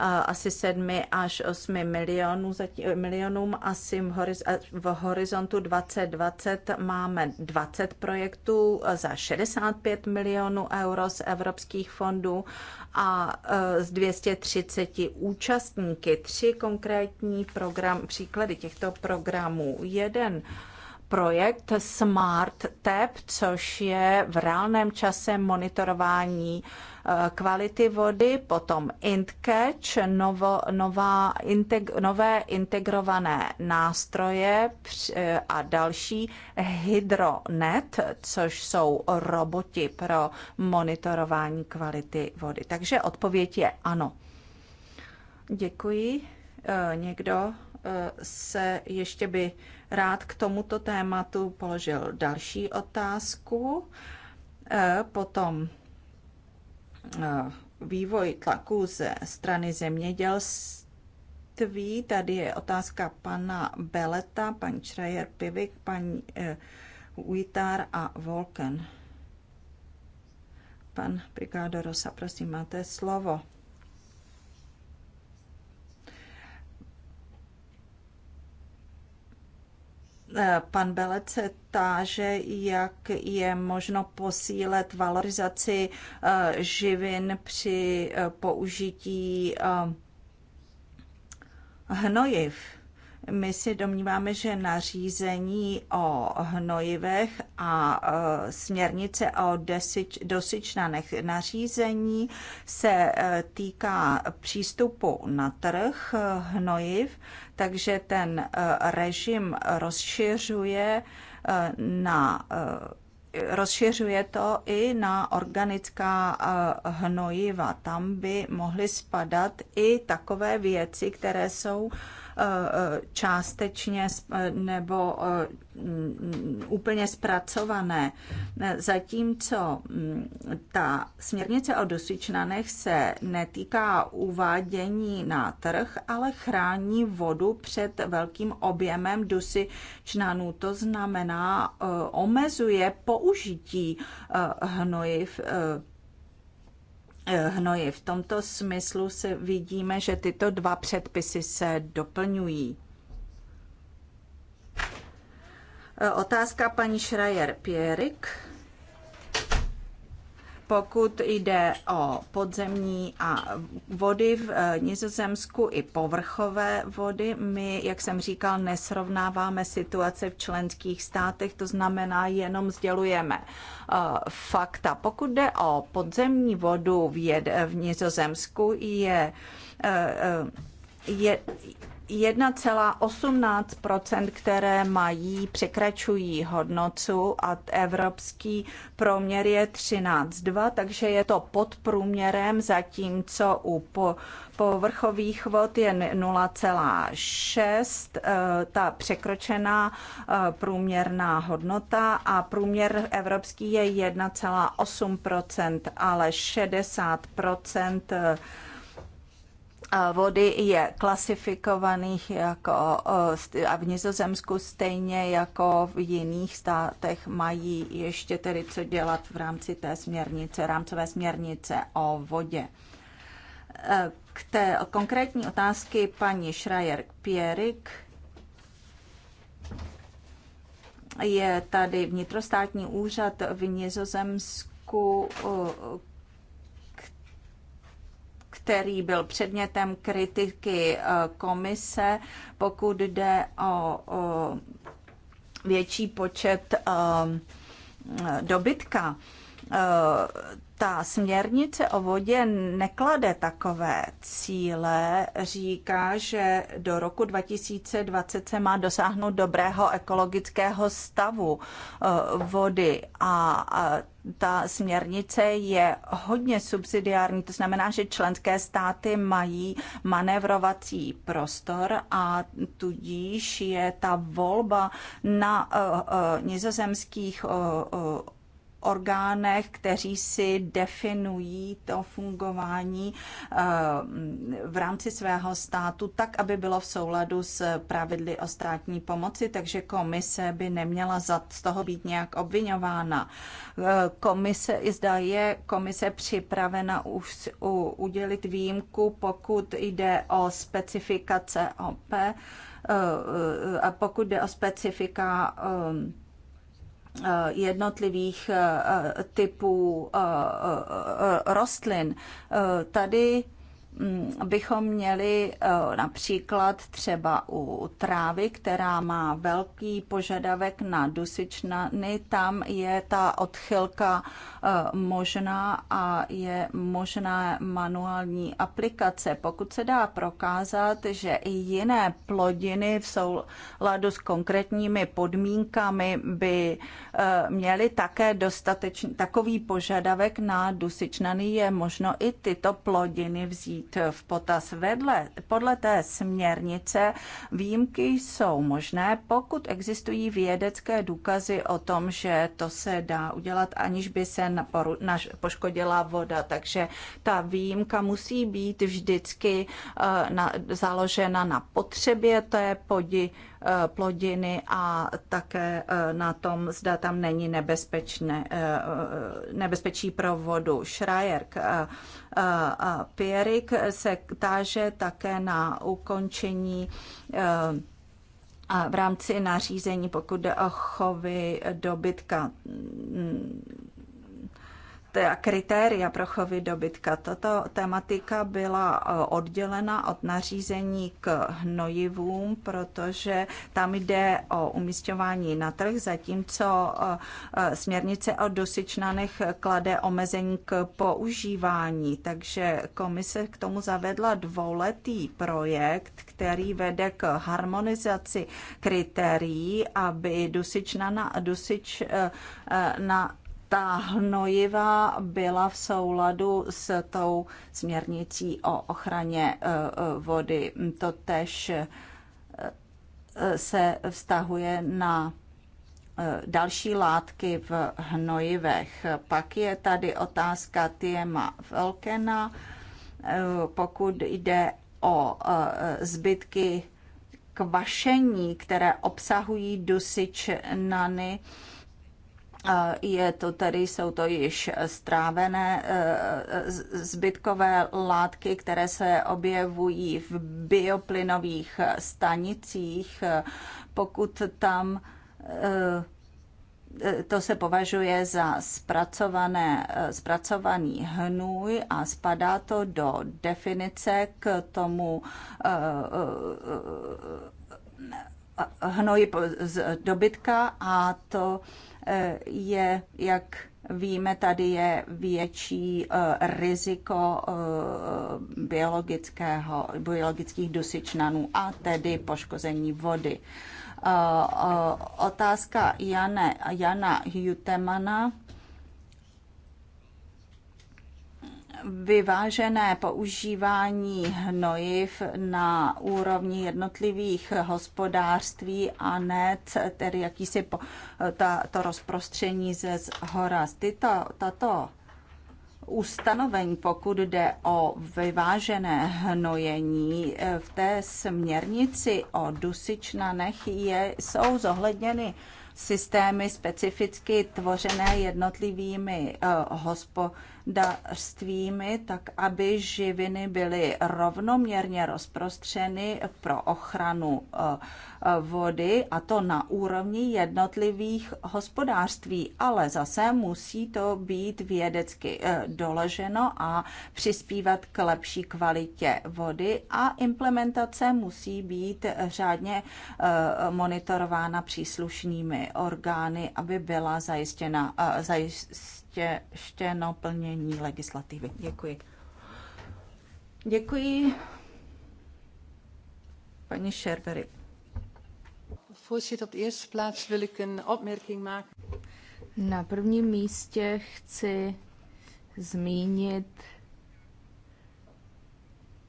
asi 7 až 8 milionů, milionům. Asi v horizontu 2020 máme 20 projektů za 65 milionů euro z evropských fondů a e, z 230 účastníky. Tři konkrétní program, příklady těchto programů. Jeden projekt Smart Tap, což je v reálném čase monitorování eh, kvality vody, potom IntCatch, novo, nová, integ, nové integrované nástroje eh, a další HydroNet, což jsou roboti pro monitorování kvality vody. Takže odpověď je ano. Děkuji. Eh, někdo se ještě by rád k tomuto tématu položil další otázku. E, potom e, vývoj tlaku ze strany zemědělství. Tady je otázka pana Beleta, pan Schreier Pivik, paní e, Uitar a Volken. Pan Brigádo Rosa, prosím, máte slovo. Eh, pan Belec se táže, jak je možno posílet valorizaci eh, živin při eh, použití hnojiv. My si domníváme, že nařízení o hnojivech a směrnice o desič, dosičnanech nařízení se týká přístupu na trh hnojiv takže ten eh, režim rozšiřuje eh, na eh, rozšiřuje to i na organická hnojiva. Tam by mohly spadat i takové věci, které jsou částečně nebo eh, mm, úplně zpracované. Zatímco mm, ta směrnice o dusičnanech se netýká uvádění na trh, ale chrání vodu před velkým objemem dusičnanů. To znamená, eh, omezuje použití eh, hnojiv hnoji. V tomto smyslu se vidíme, že tyto dva předpisy se doplňují. E, otázka paní Schreier-Pierik. Pokud jde o podzemní a vody v eh, Nizozemsku i povrchové vody, my, jak jsem říkal, nesrovnáváme situace v členských státech, to znamená jenom sdělujeme eh, fakta. Pokud jde o podzemní vodu v, Nizozemsku, je, eh, je 1,18 které mají, překračují hodnotu a evropský průměr je 13,2, takže je to pod průměrem, zatímco u po, povrchových vod je 0,6, eh, ta překročená eh, průměrná hodnota a průměr evropský je 1,8 ale 60 vody je klasifikovaných jako a v Nizozemsku stejně jako v jiných státech mají ještě tedy co dělat v rámci té směrnice, rámcové směrnice o vodě. E, k té konkrétní otázky paní Schreier Pierik je tady vnitrostátní úřad v Nizozemsku, který byl předmětem kritiky eh, komise, pokud jde o, o větší počet ehm, dobytka eh, ta směrnice o vodě neklade takové cíle, říká, že do roku 2020 se má dosáhnout dobrého ekologického stavu eh, vody a ta směrnice je hodně subsidiární, to znamená, že členské státy mají manévrovací prostor a tudíž je ta volba na uh, uh, nizozemských uh, orgánech, kteří si definují to fungování eh, v rámci svého státu tak, aby bylo v souladu s pravidly o státní pomoci, takže komise by neměla z toho být nějak obvinována. Eh, komise, zda je komise připravena už udělit výjimku, pokud jde o specifikace OP, eh, a pokud jde o specifika Eh, jednotlivých eh, eh, typů rostlin. Tady Mm, bychom měli eh, například třeba u trávy, která má velký požadavek na dusičnany, tam je ta odchylka eh, možná a je možná manuální aplikace. Pokud se dá prokázat, že i jiné plodiny v souladu s konkrétními podmínkami by eh, měly také dostatečný, takový požadavek na dusičnany, je možno i tyto plodiny vzít vzít v potaz. Vedle, podle té směrnice výjimky jsou možné, pokud existují vědecké důkazy o tom, že to se dá udělat, aniž by se naporu, naš, poškodila voda. Takže ta výjimka musí být vždycky uh, na, založena na potřebě té podi Eh, plodiny a také eh, na tom, zda tam není nebezpečné, eh, nebezpečí pro vodu. Schreier Pierik se táže také na ukončení v rámci nařízení, pokud jde o chovy dobytka ta kritéria pro chovy dobytka. Tato tematika byla e, oddělena od nařízení k hnojivům, protože tam jde o umístěvání na trh, zatímco e, e, směrnice o dusičnanech klade omezení k používání. Takže komise k tomu zavedla dvouletý projekt, který vede k harmonizaci kritérií, aby dusičnana, dusič na ta hnojiva byla v souladu s tou směrnicí o ochraně e, e, vody. To tež e, se vztahuje na další látky v hnojivech. Pak je tady otázka Tiema Velkena, pokud jde o zbytky kvašení, které obsahují dusičnany, nany, je to tedy, jsou to již strávené eh, zbytkové látky, které se objevují v bioplynových stanicích. Pokud tam eh, eh, to se považuje za zpracované, zpracovaný hnůj a spadá to do definice k tomu hnoji z dobytka a to je, jak víme, tady je větší eh, riziko eh, biologického, biologických dusičnanů a tedy poškození vody. Eh, otázka Jana Jana Jutemana vyvážené používání hnojiv na úrovni jednotlivých hospodářství a ne tedy jakýsi po, ta, to rozprostření ze zhora. Tyto, tato ustanovení, pokud jde o vyvážené hnojení, e, v té směrnici o dusičnanech je, jsou zohledněny systémy specificky tvořené jednotlivými uh, e, hospodářství dařstvími, tak aby živiny byly rovnoměrně rozprostřeny pro ochranu eh, vody a to na úrovni jednotlivých hospodářství, ale zase musí to být vědecky eh, doloženo a přispívat k lepší kvalitě vody a implementace musí být řádně eh, monitorována příslušnými orgány, aby byla zajištěna, zajištěna zajištěno plnění legislativy. Děkuji. Děkuji. Paní šervery. Na prvním místě chci zmínit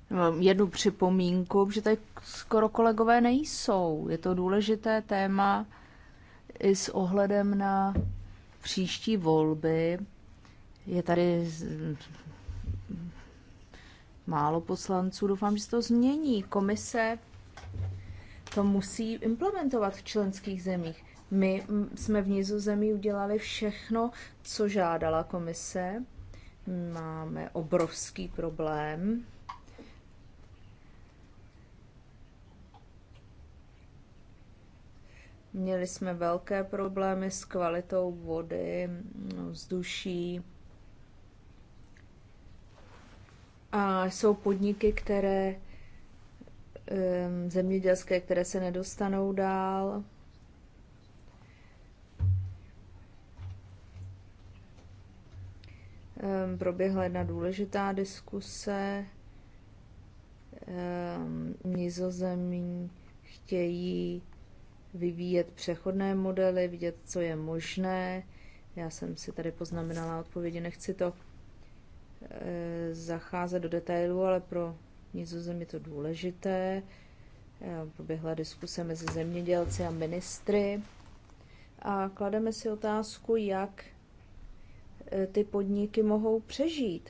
no, jednu připomínku, že tady skoro kolegové nejsou. Je to důležité téma i s ohledem na příští volby je tady málo poslanců. Doufám, že se to změní. Komise to musí implementovat v členských zemích. My jsme v Nizozemí udělali všechno, co žádala komise. Máme obrovský problém Měli jsme velké problémy s kvalitou vody, vzduší. A jsou podniky, které zemědělské, které se nedostanou dál. Proběhla jedna důležitá diskuse. Nizozemí chtějí vyvíjet přechodné modely, vidět, co je možné. Já jsem si tady poznamenala odpovědi, nechci to e, zacházet do detailu, ale pro nizozemí je to důležité. E, proběhla diskuse mezi zemědělci a ministry a klademe si otázku, jak eh, ty podniky mohou přežít.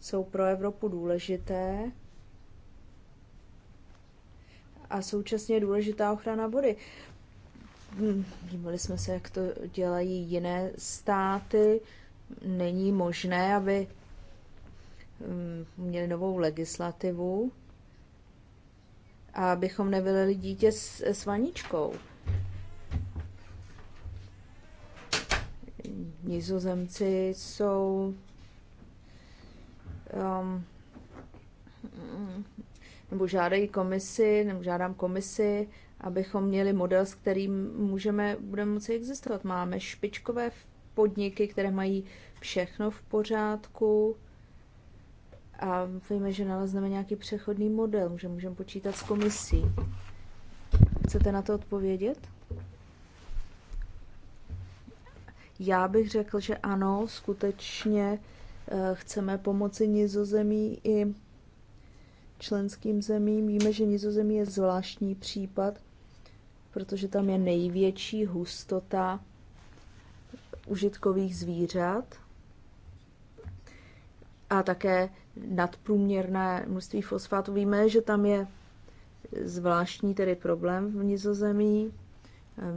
Jsou pro Evropu důležité, a současně je důležitá ochrana vody. Dívali hmm, jsme se, jak to dělají jiné státy. Není možné, aby hmm, měli novou legislativu a abychom nevylili dítě s, s vaničkou. Nizozemci jsou um, nebo žádají komisi, nebo žádám komisi, abychom měli model, s kterým můžeme, budeme moci existovat. Máme špičkové podniky, které mají všechno v pořádku a víme, že nalezneme nějaký přechodný model, že můžeme počítat s komisí. Chcete na to odpovědět? Já bych řekl, že ano, skutečně eh, chceme pomoci nizozemí i členským zemím. Víme, že Nizozemí je zvláštní případ, protože tam je největší hustota užitkových zvířat a také nadprůměrné množství fosfátu. Víme, že tam je zvláštní tedy problém v Nizozemí.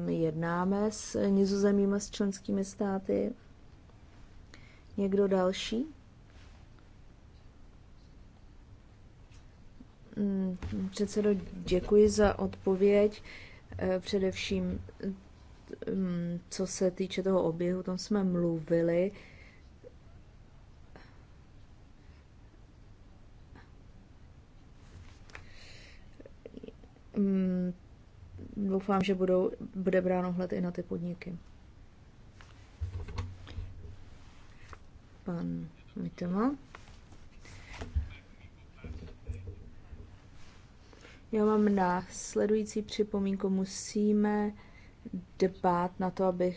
My jednáme s Nizozemím a s členskými státy. Někdo další? Mm, předsedo, děkuji za odpověď. Eh, především, mm, co se týče toho oběhu, tam jsme mluvili. Mm, doufám, že budou, bude bráno hled i na ty podniky. Pan Mitema. Já mám následující připomínku. Musíme dbát na to, aby um,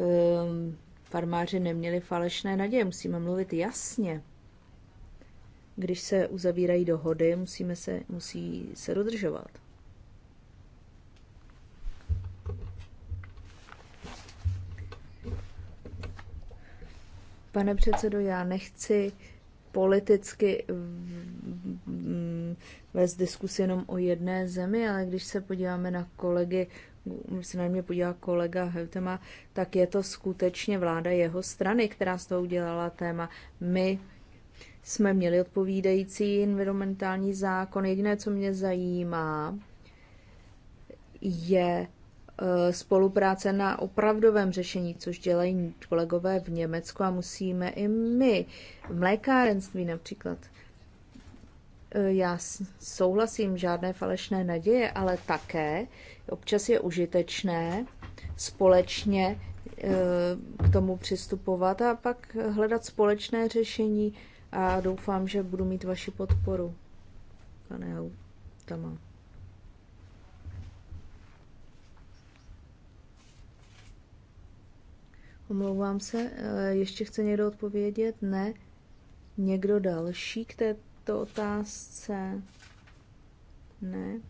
ehm, farmáři neměli falešné naděje. Musíme mluvit jasně. Když se uzavírají dohody, musíme se, musí se dodržovat. Pane předsedo, já nechci politicky vést diskusi jenom o jedné zemi, ale když se podíváme na kolegy, se na mě podívá kolega Heutema, tak je to skutečně vláda jeho strany, která z toho udělala téma. My jsme měli odpovídající environmentální zákon. Jediné, co mě zajímá, je eh, spolupráce na opravdovém řešení, což dělají kolegové v Německu a musíme i my. V mlékárenství například E, já souhlasím, žádné falešné naděje, ale také občas je užitečné společně e, k tomu přistupovat a pak hledat společné řešení a doufám, že budu mít vaši podporu, pane Tama. Omlouvám se, e, ještě chce někdo odpovědět? Ne. Někdo další k té této otázce? Ne.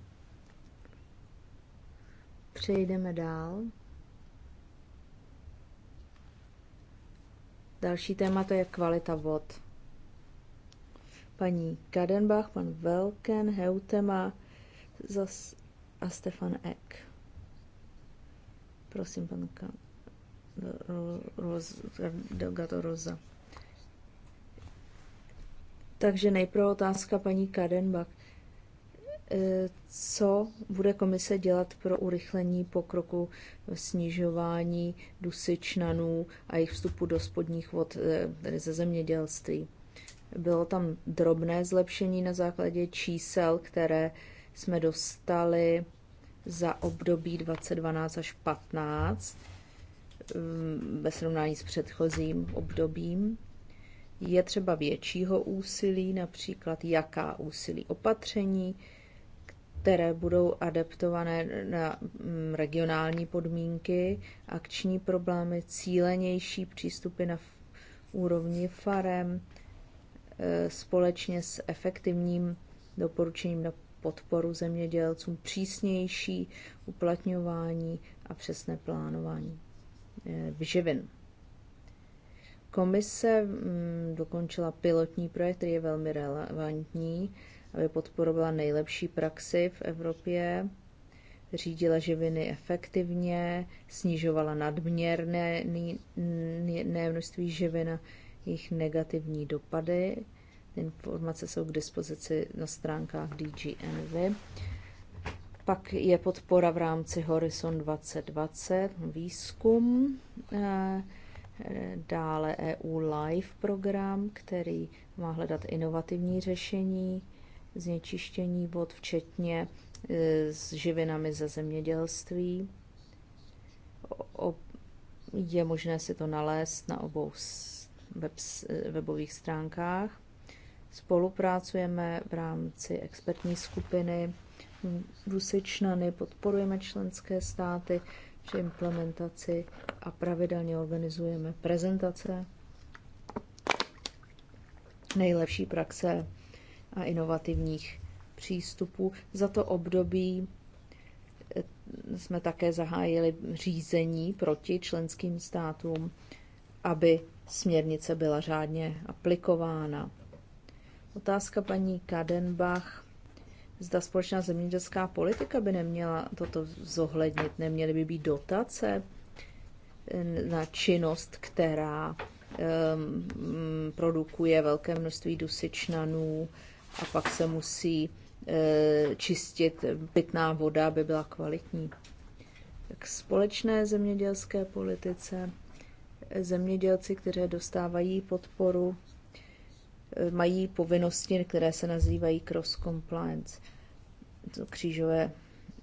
Přejdeme dál. Další téma to je kvalita vod. Paní Kadenbach, pan Velken, Heutema zas a Stefan Eck. Prosím, pan Delgado Rosa. Takže nejprve otázka paní Kadenbach. E, co bude komise dělat pro urychlení pokroku snižování dusičnanů a jejich vstupu do spodních vod, e, tedy ze zemědělství? Bylo tam drobné zlepšení na základě čísel, které jsme dostali za období 2012 až 2015 mm, ve srovnání s předchozím obdobím je třeba většího úsilí, například jaká úsilí opatření, které budou adaptované na mm, regionální podmínky, akční problémy, cílenější přístupy na úrovni farem, e, společně s efektivním doporučením na podporu zemědělcům, přísnější uplatňování a přesné plánování e, živin. Komise mm, dokončila pilotní projekt, který je velmi relevantní, aby podporovala nejlepší praxi v Evropě, řídila živiny efektivně, snižovala nadměrné ne, množství živin a jejich negativní dopady. Informace jsou k dispozici na stránkách DGNV. Pak je podpora v rámci Horizon 2020, výzkum. Eh, dále EU Live program, který má hledat inovativní řešení znečištění vod, včetně e, s živinami ze zemědělství. Je možné si to nalézt na obou e, webových stránkách. Spolupracujeme v rámci expertní skupiny Rusičnany, podporujeme členské státy při implementaci a pravidelně organizujeme prezentace nejlepší praxe a inovativních přístupů. Za to období eh, jsme také zahájili řízení proti členským státům, aby směrnice byla řádně aplikována. Otázka paní Kadenbach Zda společná zemědělská politika by neměla toto zohlednit, neměly by být dotace eh, na činnost, která um, produkuje velké množství dusičnanů a pak se musí uh, čistit pitná voda, aby byla kvalitní. Tak společné zemědělské politice eh, zemědělci, kteří dostávají podporu, Eh, mají povinnosti, které se nazývají cross-compliance, to křížové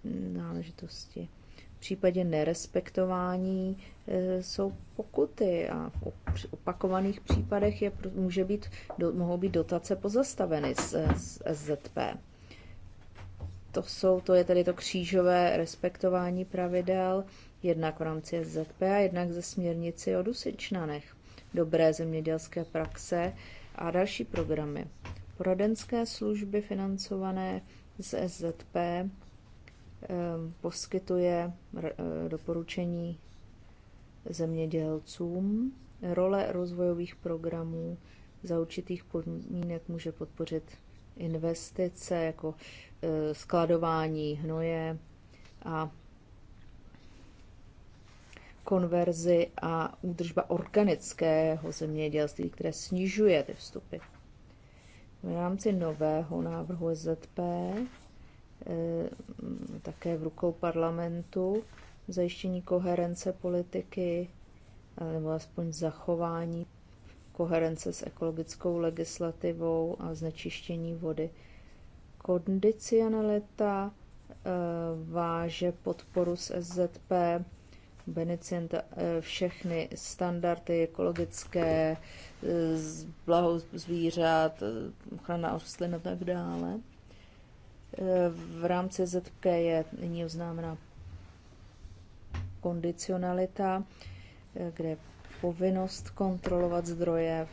mm, náležitosti. V případě nerespektování eh, jsou pokuty a v opakovaných případech je, může být, mohou být dotace pozastaveny z, SZP. To, jsou, to je tedy to křížové respektování pravidel, jednak v rámci SZP a jednak ze směrnici o dusičnanech. Dobré zemědělské praxe, a další programy. Poradenské služby financované z SZP ehm, poskytuje e, doporučení zemědělcům. Role rozvojových programů za určitých podmínek může podpořit investice jako e, skladování hnoje a konverzi a údržba organického zemědělství, které snižuje ty vstupy. V rámci nového návrhu ZP eh, také v rukou parlamentu zajištění koherence politiky eh, nebo aspoň zachování koherence s ekologickou legislativou a znečištění vody. Kondicionalita eh, váže podporu z SZP Benicent eh, všechny standardy ekologické, eh, blaho zvířat, eh, ochrana rostlin a tak dále. V rámci ZK je nyní oznámena kondicionalita, kde je povinnost kontrolovat zdroje,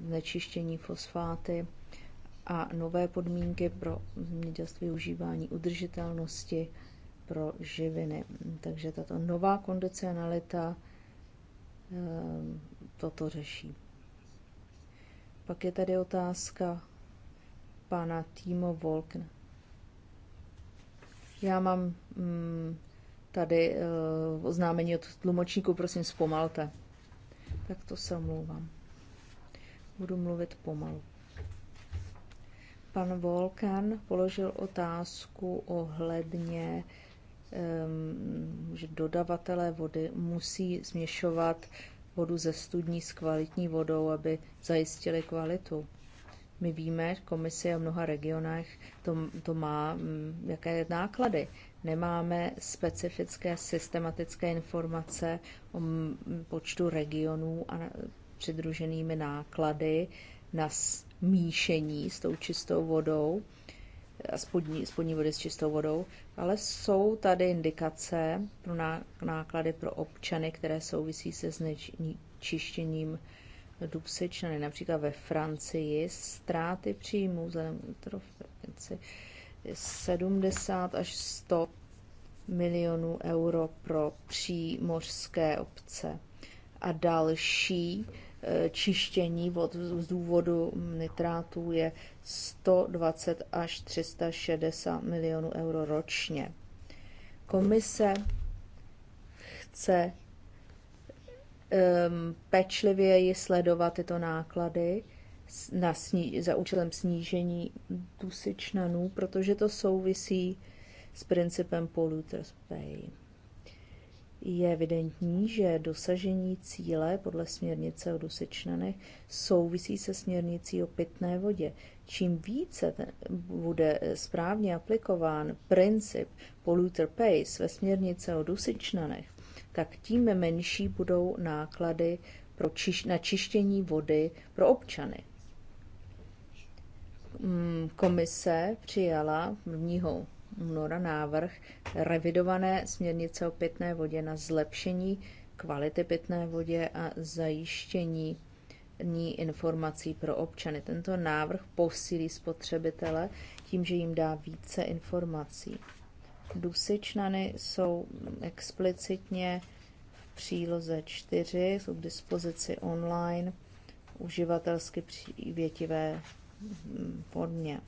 nečištění fosfáty a nové podmínky pro zemědělství užívání udržitelnosti pro živiny. Takže tato nová kondicionalita ehm, toto řeší. Pak je tady otázka pana Timo Volkn. Já mám mm, tady eh, oznámení od tlumočníku, prosím, zpomalte. Tak to se omlouvám. Budu mluvit pomalu. Pan Volkan položil otázku ohledně uh, Ehm, že dodavatelé vody musí směšovat vodu ze studní s kvalitní vodou, aby zajistili kvalitu. My víme, komise a mnoha regionech to, to má mm, jaké náklady. Nemáme specifické systematické informace o mm, počtu regionů a přidruženými náklady na smíšení s tou čistou vodou spodní, spodní vody s čistou vodou, ale jsou tady indikace pro náklady pro občany, které souvisí se znečištěním dubsečnany. Například ve Francii ztráty příjmů vzhledem k 70 až 100 milionů euro pro přímořské obce a další Eh, čištění vod z důvodu nitrátů je 120 až 360 milionů euro ročně. Komise chce um, pečlivěji sledovat tyto náklady na sní, za účelem snížení dusičnanů, protože to souvisí s principem polluters pay je evidentní, že dosažení cíle podle směrnice o dusičnanech souvisí se směrnicí o pitné vodě. Čím více bude správně aplikován princip polluter pays ve směrnice o dusičnanech, tak tím menší budou náklady pro čiš- na čištění vody pro občany. Hmm, komise přijala 1 února návrh revidované směrnice o pitné vodě na zlepšení kvality pitné vodě a zajištění ní informací pro občany. Tento návrh posílí spotřebitele tím, že jim dá více informací. Dusičnany jsou explicitně v příloze 4, jsou k dispozici online, uživatelsky přívětivé hm, formě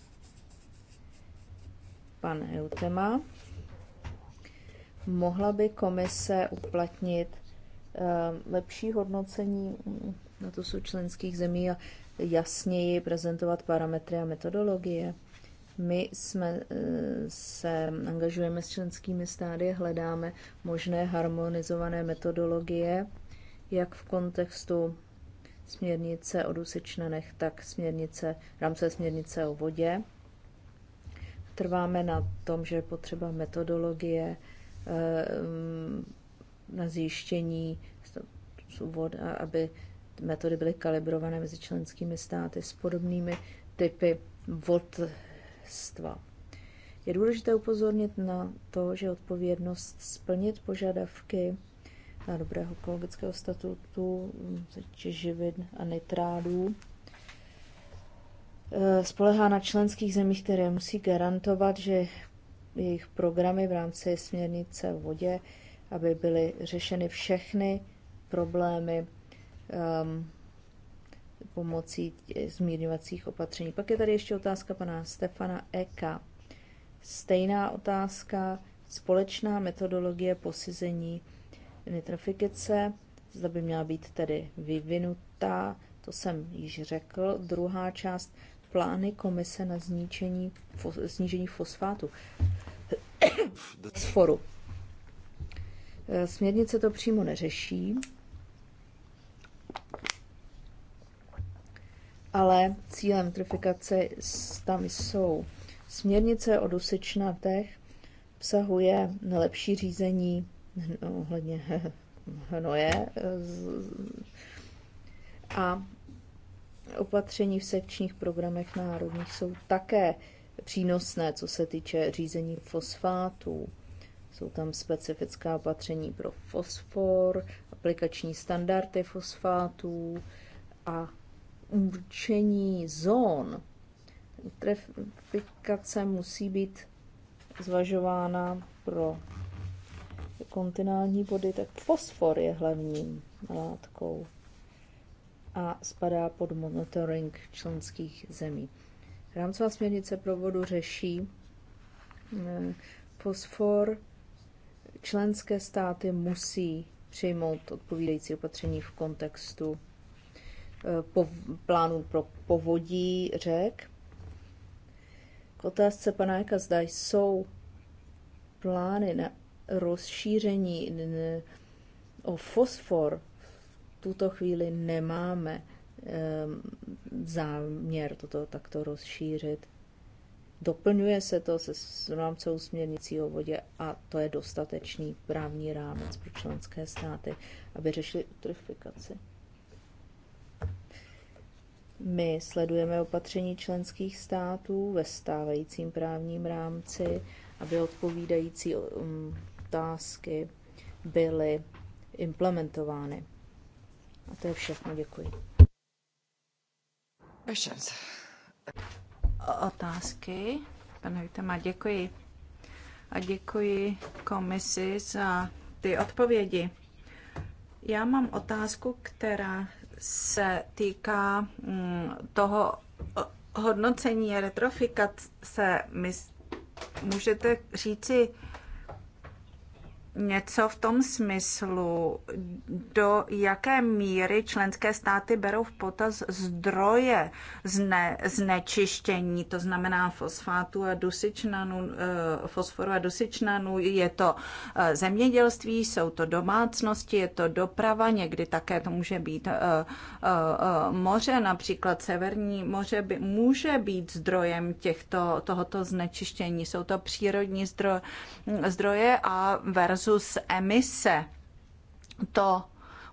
pan Eutema. Mohla by komise uplatnit eh, lepší hodnocení mm, na to jsou členských zemí a jasněji prezentovat parametry a metodologie. My jsme, eh, se angažujeme s členskými stády, hledáme možné harmonizované metodologie, jak v kontextu směrnice o dusičnanech, tak směrnice, rámce směrnice o vodě. Trváme na tom, že je potřeba metodologie eh, mm, na zjištění, aby metody byly kalibrované mezi členskými státy s podobnými typy vodstva. Je důležité upozornit na to, že odpovědnost splnit požadavky na dobrého ekologického statutu, mm, živin a nitrádů Eh, spolehá na členských zemích, které musí garantovat, že jejich programy v rámci směrnice v vodě, aby byly řešeny všechny problémy um, pomocí zmírňovacích opatření. Pak je tady ještě otázka pana Stefana Eka. Stejná otázka, společná metodologie posizení nitrofikice, zda by měla být tedy vyvinutá, to jsem již řekl. Druhá část, plány komise na zničení, snížení fosfátu Sforu. Eh, směrnice to přímo neřeší, ale cílem trifikace tam jsou. Směrnice o dusičnatech obsahuje lepší řízení ohledně hnoje eh, a Opatření v sekčních programech národních jsou také přínosné, co se týče řízení fosfátů. Jsou tam specifická opatření pro fosfor, aplikační standardy fosfátů a určení zón. Trefikace musí být zvažována pro kontinální body, tak fosfor je hlavním látkou a spadá pod monitoring členských zemí. Rámcová směrnice pro vodu řeší eh, fosfor. Členské státy musí přijmout odpovídající opatření v kontextu eh, po, plánu pro povodí řek. K otázce panáka zda jsou plány na rozšíření o fosfor tuto chvíli nemáme ehm, záměr toto takto rozšířit. Doplňuje se to se rámcou směrnicí o vodě a to je dostatečný právní rámec pro členské státy, aby řešili utrifikaci. My sledujeme opatření členských států ve stávajícím právním rámci, aby odpovídající mm, otázky byly implementovány. A to je všechno, děkuji. Questions. Otázky? Pane Vítema, děkuji. A děkuji komisi za ty odpovědi. Já mám otázku, která se týká mm, toho hodnocení retrofikace. můžete říci, něco v tom smyslu, do jaké míry členské státy berou v potaz zdroje zne, znečištění, to znamená fosfátu a dusičnanu, eh, fosforu a dusičnanu, je to eh, zemědělství, jsou to domácnosti, je to doprava, někdy také to může být eh, moře, například Severní moře by, může být zdrojem těchto, tohoto znečištění, jsou to přírodní zdroje, zdroje a versus versus emise. To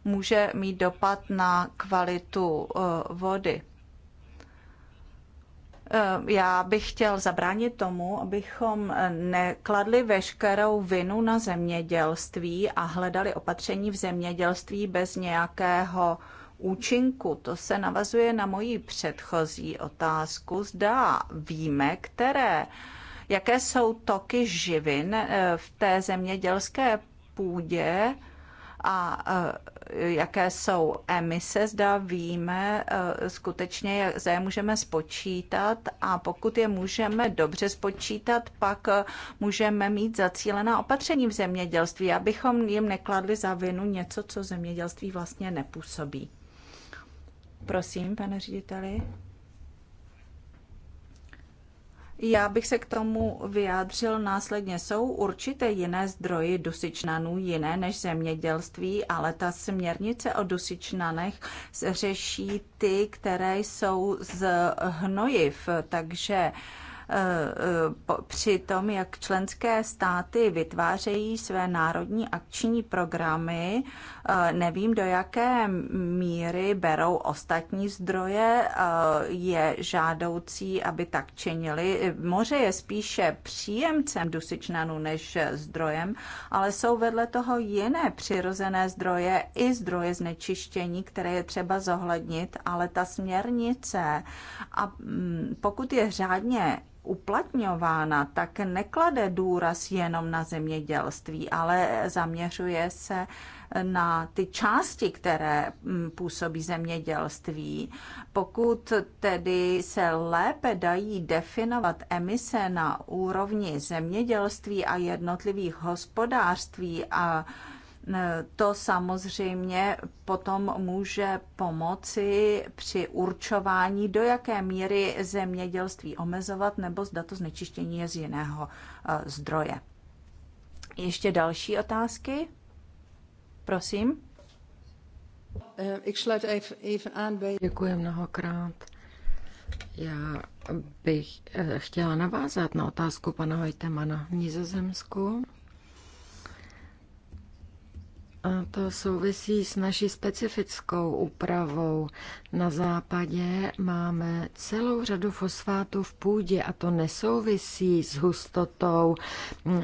může mít dopad na kvalitu eh, vody. Eh, já bych chtěl zabránit tomu, abychom nekladli veškerou vinu na zemědělství a hledali opatření v zemědělství bez nějakého účinku. To se navazuje na moji předchozí otázku. Zda víme, které uh, jaké jsou toky živin eh, v té zemědělské půdě a eh, jaké jsou emise, zda víme eh, skutečně, jak je můžeme spočítat a pokud je můžeme dobře spočítat, pak můžeme mít zacílená opatření v zemědělství, abychom jim nekladli za vinu něco, co zemědělství vlastně nepůsobí. Prosím, pane řediteli. Já bych se k tomu vyjádřil následně. Jsou určité jiné zdroje dusičnanů, jiné než zemědělství, ale ta směrnice o dusičnanech řeší ty, které jsou z hnojiv, takže Eh, eh, při tom, jak členské státy vytvářejí své národní akční programy, eh, nevím, do jaké míry berou ostatní zdroje, je žádoucí, aby tak činili. Moře je spíše příjemcem dusičnanu než zdrojem, ale jsou vedle toho jiné přirozené zdroje i zdroje znečištění, které je třeba zohlednit, ale ta směrnice, a mm, pokud je řádně uplatňována, tak neklade důraz jenom na zemědělství, ale zaměřuje se na ty části, které mm, působí zemědělství. Pokud tedy se lépe dají definovat emise na úrovni zemědělství a jednotlivých hospodářství a to samozřejmě potom může pomoci při určování, do jaké míry zemědělství omezovat nebo zda to znečištění je z jiného eh, zdroje. Ještě další otázky? Prosím. Eh, Děkuji mnohokrát. Já bych eh, chtěla navázat na otázku pana Hojtemana v Nizozemsku a to souvisí s naší specifickou úpravou. Na západě máme celou řadu fosfátů v půdě a to nesouvisí s hustotou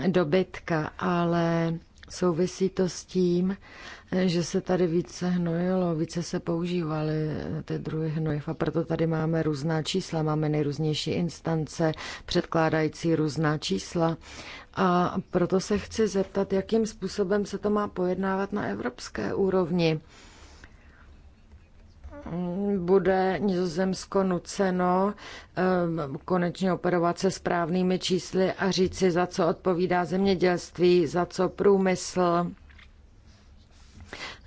dobytka, ale Souvisí to s tím, že se tady více hnojilo, více se používaly ty druhy hnojiv a proto tady máme různá čísla, máme nejrůznější instance předkládající různá čísla a proto se chci zeptat, jakým způsobem se to má pojednávat na evropské úrovni bude Nizozemsko nuceno eh, konečně operovat se správnými čísly a říci, za co odpovídá zemědělství, za co průmysl.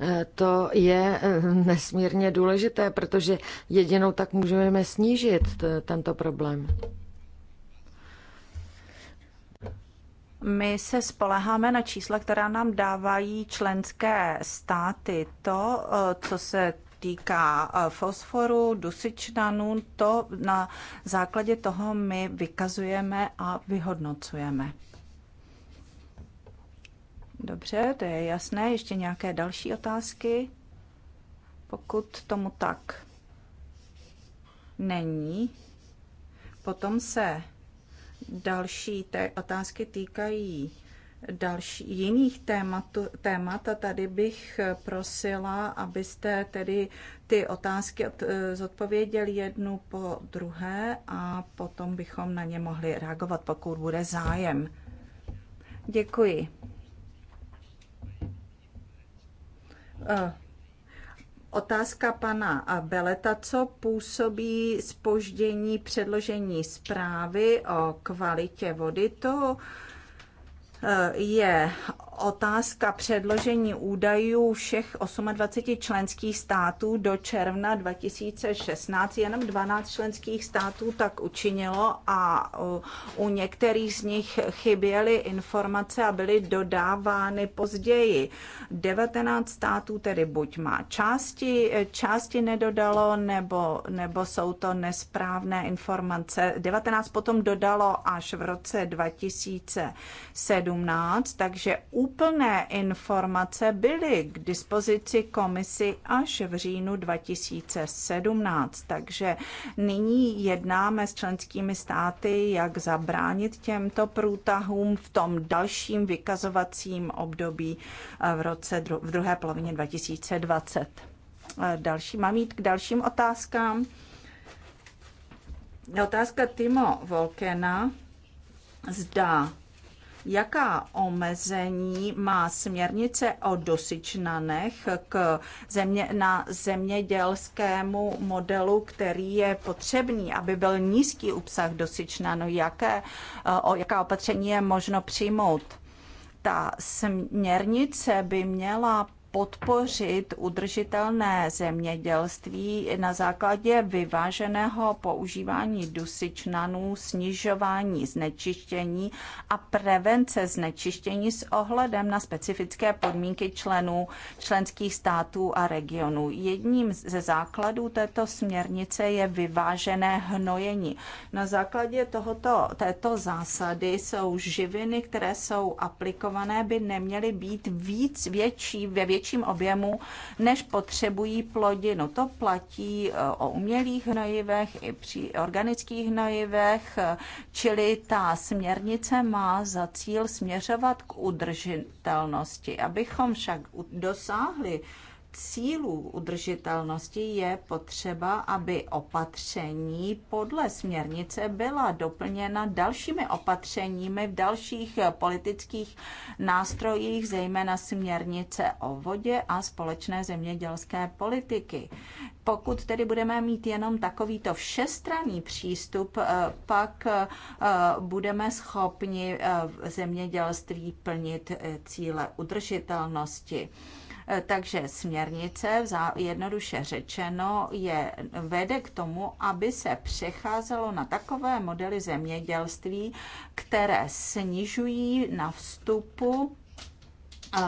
Eh, to je eh, nesmírně důležité, protože jedinou tak můžeme snížit tento problém. My se spoleháme na čísla, která nám dávají členské státy. To, co se týká eh, fosforu, dusičnanů, to na základě toho my vykazujeme a vyhodnocujeme. Dobře, to je jasné. Ještě nějaké další otázky? Pokud tomu tak není, potom se další té otázky týkají další jiných témat, témat a tady bych prosila, abyste tedy ty otázky eh, zodpověděli jednu po druhé a potom bychom na ně mohli reagovat, pokud bude zájem. Děkuji. Eh, otázka pana Beleta, co působí spoždění předložení zprávy o kvalitě vody? To Eh, je otázka předložení údajů všech 28 členských států do června 2016. Jenom 12 členských států tak učinilo a u některých z nich chyběly informace a byly dodávány později. 19 států tedy buď má části, části nedodalo, nebo, nebo jsou to nesprávné informace. 19 potom dodalo až v roce 2017, takže u úplné informace byly k dispozici komisi až v říjnu 2017, takže nyní jednáme s členskými státy, jak zabránit těmto průtahům v tom dalším vykazovacím období eh, v, roce, v druhé polovině 2020. Eh, další, mám jít k dalším otázkám. Otázka Timo Volkena. Zda jaká omezení má směrnice o dosičnanech k země, na zemědělskému modelu, který je potřebný, aby byl nízký obsah dosičnanů, jaké, o jaká opatření je možno přijmout ta směrnice by měla podpořit udržitelné zemědělství na základě vyváženého používání dusičnanů, snižování znečištění a prevence znečištění s ohledem na specifické podmínky členů členských států a regionů. Jedním ze základů této směrnice je vyvážené hnojení. Na základě tohoto, této zásady jsou živiny, které jsou aplikované, by neměly být víc větší ve větší větším objemu, než potřebují plodinu. To platí eh, o umělých hnojivech i při organických hnojivech, eh, čili ta směrnice má za cíl směřovat k udržitelnosti. Abychom však dosáhli cílů udržitelnosti je potřeba, aby opatření podle směrnice byla doplněna dalšími opatřeními v dalších politických nástrojích, zejména směrnice o vodě a společné zemědělské politiky. Pokud tedy budeme mít jenom takovýto všestranný přístup, eh, pak eh, budeme schopni eh, v zemědělství plnit cíle udržitelnosti. Eh, takže směrnice, jednoduše řečeno, je, vede k tomu, aby se přecházelo na takové modely zemědělství, které snižují na vstupu eh,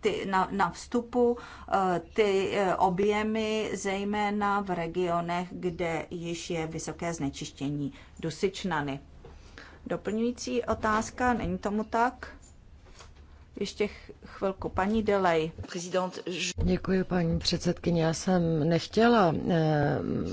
ty, na, na vstupu eh, ty objemy, zejména v regionech, kde již je vysoké znečištění dusičnany. Doplňující otázka, není tomu tak? ještě chvilku. Paní Delej. Děkuji, paní předsedkyně. Já jsem nechtěla eh,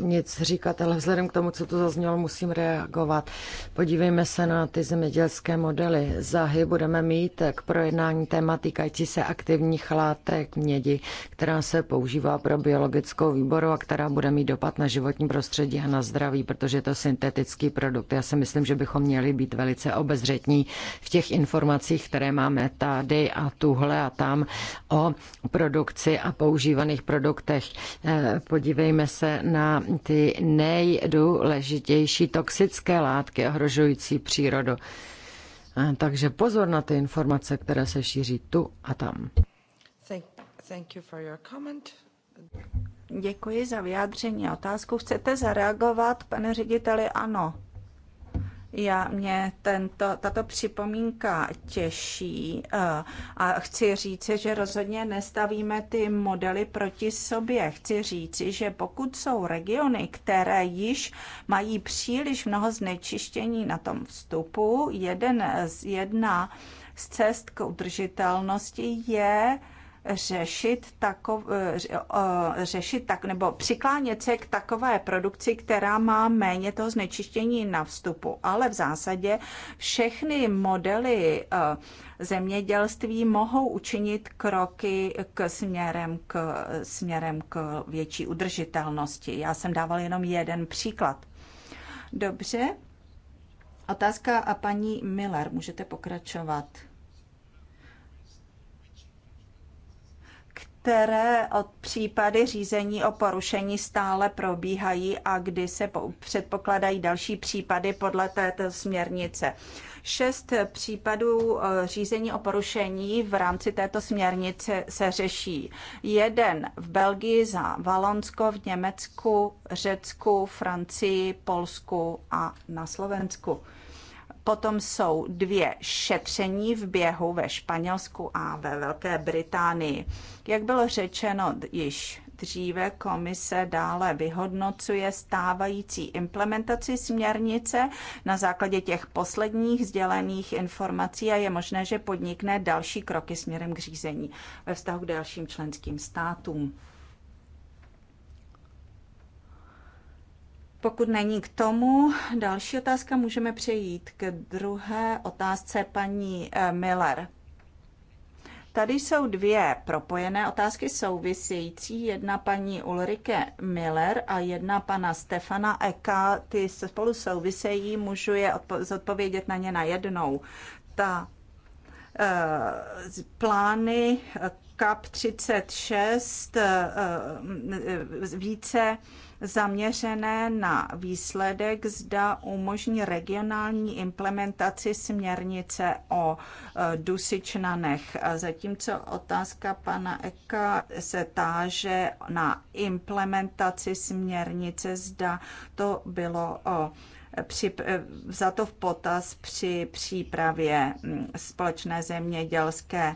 nic říkat, ale vzhledem k tomu, co tu zaznělo, musím reagovat. Podívejme se na ty zemědělské modely. Záhy budeme mít k projednání téma týkající se aktivních látek mědi, která se používá pro biologickou výboru a která bude mít dopad na životní prostředí a na zdraví, protože je to syntetický produkt. Já si myslím, že bychom měli být velice obezřetní v těch informacích, které máme tady tady a tuhle a tam o produkci a používaných produktech. Eh, podívejme se na ty nejdůležitější toxické látky ohrožující přírodu. Eh, takže pozor na ty informace, které se šíří tu a tam. Thank, you for your comment. Děkuji za vyjádření a otázku. Chcete zareagovat, pane řediteli? Ano. Já mě tento, tato připomínka těší eh, a chci říci, že rozhodně nestavíme ty modely proti sobě. Chci říci, že pokud jsou regiony, které již mají příliš mnoho znečištění na tom vstupu, jeden z, jedna z cest k udržitelnosti je řešit, takov, eh, řešit tak, nebo přiklánět se k takové produkci, která má méně toho znečištění na vstupu. Ale v zásadě všechny modely eh, zemědělství mohou učinit kroky k směrem, k směrem k větší udržitelnosti. Já jsem dával jenom jeden příklad. Dobře. Otázka a paní Miller, můžete pokračovat. které od případy řízení o porušení stále probíhají a kdy se předpokládají další případy podle této směrnice. Šest případů eh, řízení o porušení v rámci této směrnice se řeší. Jeden v Belgii za Valonsko, v Německu, Řecku, Francii, Polsku a na Slovensku. Potom jsou dvě šetření v běhu ve Španělsku a ve Velké Británii. Jak bylo řečeno již dříve, komise dále vyhodnocuje stávající implementaci směrnice na základě těch posledních sdělených informací a je možné, že podnikne další kroky směrem k řízení ve vztahu k dalším členským státům. Pokud není k tomu další otázka, můžeme přejít k druhé otázce paní eh, Miller. Tady jsou dvě propojené otázky související. Jedna paní Ulrike Miller a jedna pana Stefana Eka. Ty se spolu souvisejí, můžu je zodpovědět na ně na jednou. Ta eh, plány CAP 36 eh, více zaměřené na výsledek, zda umožní regionální implementaci směrnice o e, dusičnanech. Zatímco otázka pana Eka se táže na implementaci směrnice, zda to bylo o při, e, za to v potaz při přípravě společné zemědělské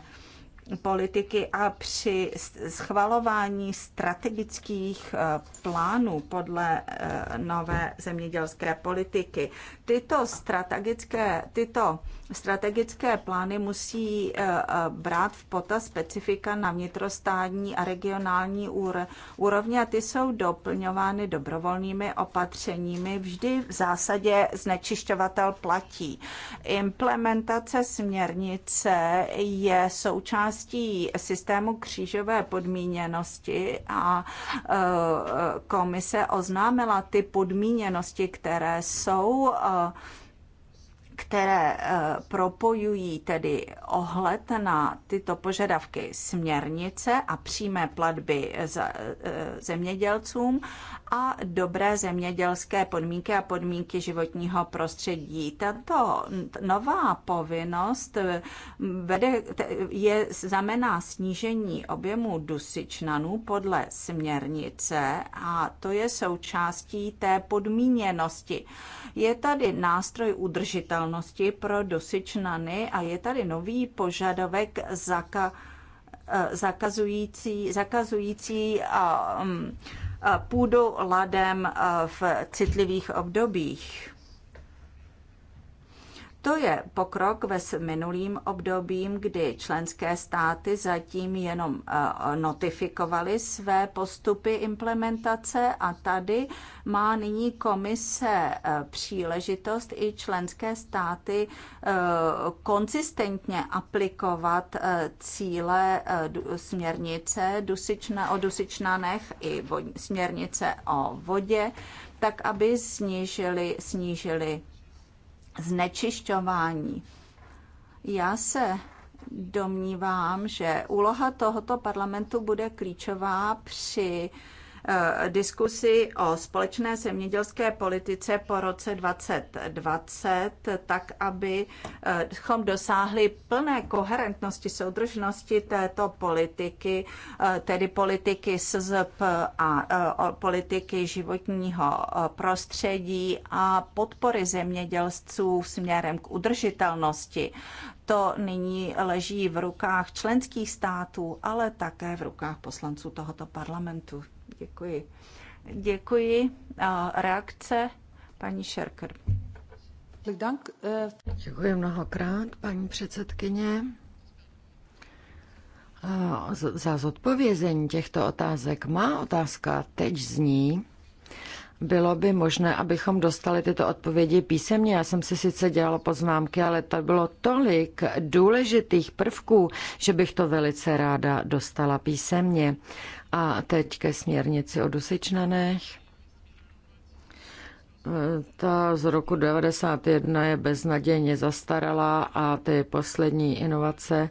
politiky a při schvalování strategických eh, plánů podle eh, nové zemědělské politiky. Tyto strategické, tyto Strategické plány musí eh, eh, brát v potaz specifika na vnitrostátní a regionální úrovni a ty jsou doplňovány dobrovolnými opatřeními. Vždy v zásadě znečišťovatel platí. Implementace směrnice je součástí systému křížové podmíněnosti a eh, komise oznámila ty podmíněnosti, které jsou které eh, propojují tedy ohled na tyto požadavky směrnice a přímé platby eh, zemědělcům a dobré zemědělské podmínky a podmínky životního prostředí. Tato nová povinnost eh, vede, je, znamená snížení objemu dusičnanů podle směrnice a to je součástí té podmíněnosti je tady nástroj udržitelnosti pro dosyčnany a je tady nový požadavek zaka, eh, zakazující, zakazující a, mm, a půdu ladem eh, v citlivých obdobích. To je pokrok ve minulým obdobím, kdy členské státy zatím jenom eh, notifikovaly své postupy implementace a tady má nyní komise eh, příležitost i členské státy eh, konzistentně aplikovat cíle směrnice o dusičnanech i směrnice o vodě, tak aby snížili, snížili znečišťování. Já se domnívám, že úloha tohoto parlamentu bude klíčová při uh, Eh, diskusi o společné zemědělské politice po roce 2020, tak abychom eh, dosáhli plné koherentnosti, soudržnosti této politiky, eh, tedy politiky SZP a politiky životního prostředí a podpory zemědělců směrem k udržitelnosti. To nyní leží v rukách členských států, ale také v rukách poslanců tohoto parlamentu. Děkuji. Děkuji. Reakce paní Šerker. Děkuji mnohokrát, paní předsedkyně. Za zodpovězení těchto otázek má otázka teď zní, bylo by možné, abychom dostali tyto odpovědi písemně. Já jsem si sice dělala poznámky, ale to bylo tolik důležitých prvků, že bych to velice ráda dostala písemně. A teď ke směrnici o dusičnanech. Ta z roku 1991 je beznadějně zastaralá a ty poslední inovace eh,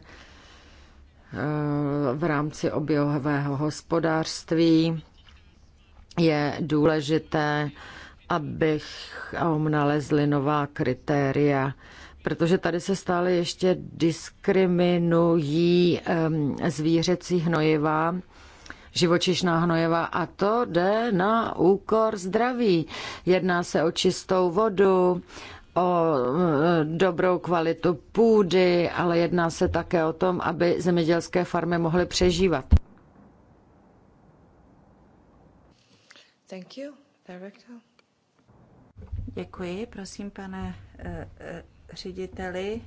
v rámci oběhového hospodářství je důležité, abychom nalezli nová kritéria, protože tady se stále ještě diskriminují ehm, zvířecí hnojiva živočišná hnojiva a to jde na úkor zdraví. Jedná se o čistou vodu, o e, dobrou kvalitu půdy, ale jedná se také o tom, aby zemědělské farmy mohly přežívat. Thank you, director. Děkuji, prosím, pane e, e, řediteli.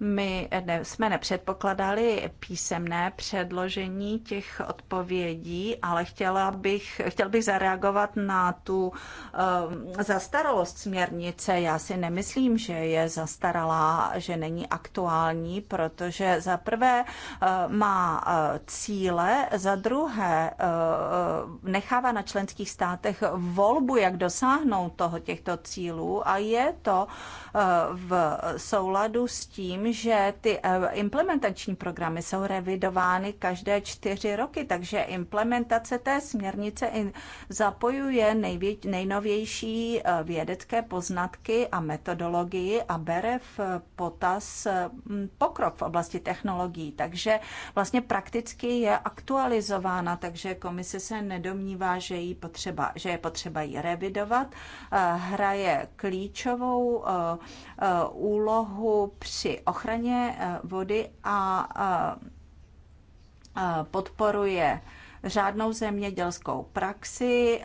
My ne, jsme nepředpokládali písemné předložení těch odpovědí, ale chtěla bych, chtěl bych zareagovat na tu um, zastaralost směrnice. Já si nemyslím, že je zastaralá, že není aktuální, protože za prvé uh, má uh, cíle, za druhé uh, nechává na členských státech volbu, jak dosáhnout toho těchto cílů a je to uh, v souladu s tím, tím, že ty eh, implementační programy jsou revidovány každé čtyři roky, takže implementace té směrnice zapojuje nejvě, nejnovější eh, vědecké poznatky a metodologii a bere v potaz mm, pokrok v oblasti technologií. Takže vlastně prakticky je aktualizována, takže komise se nedomnívá, že, jí potřeba, že je potřeba ji revidovat. Eh, hraje klíčovou úlohu při ochraně eh, vody a eh, eh, podporuje řádnou zemědělskou praxi,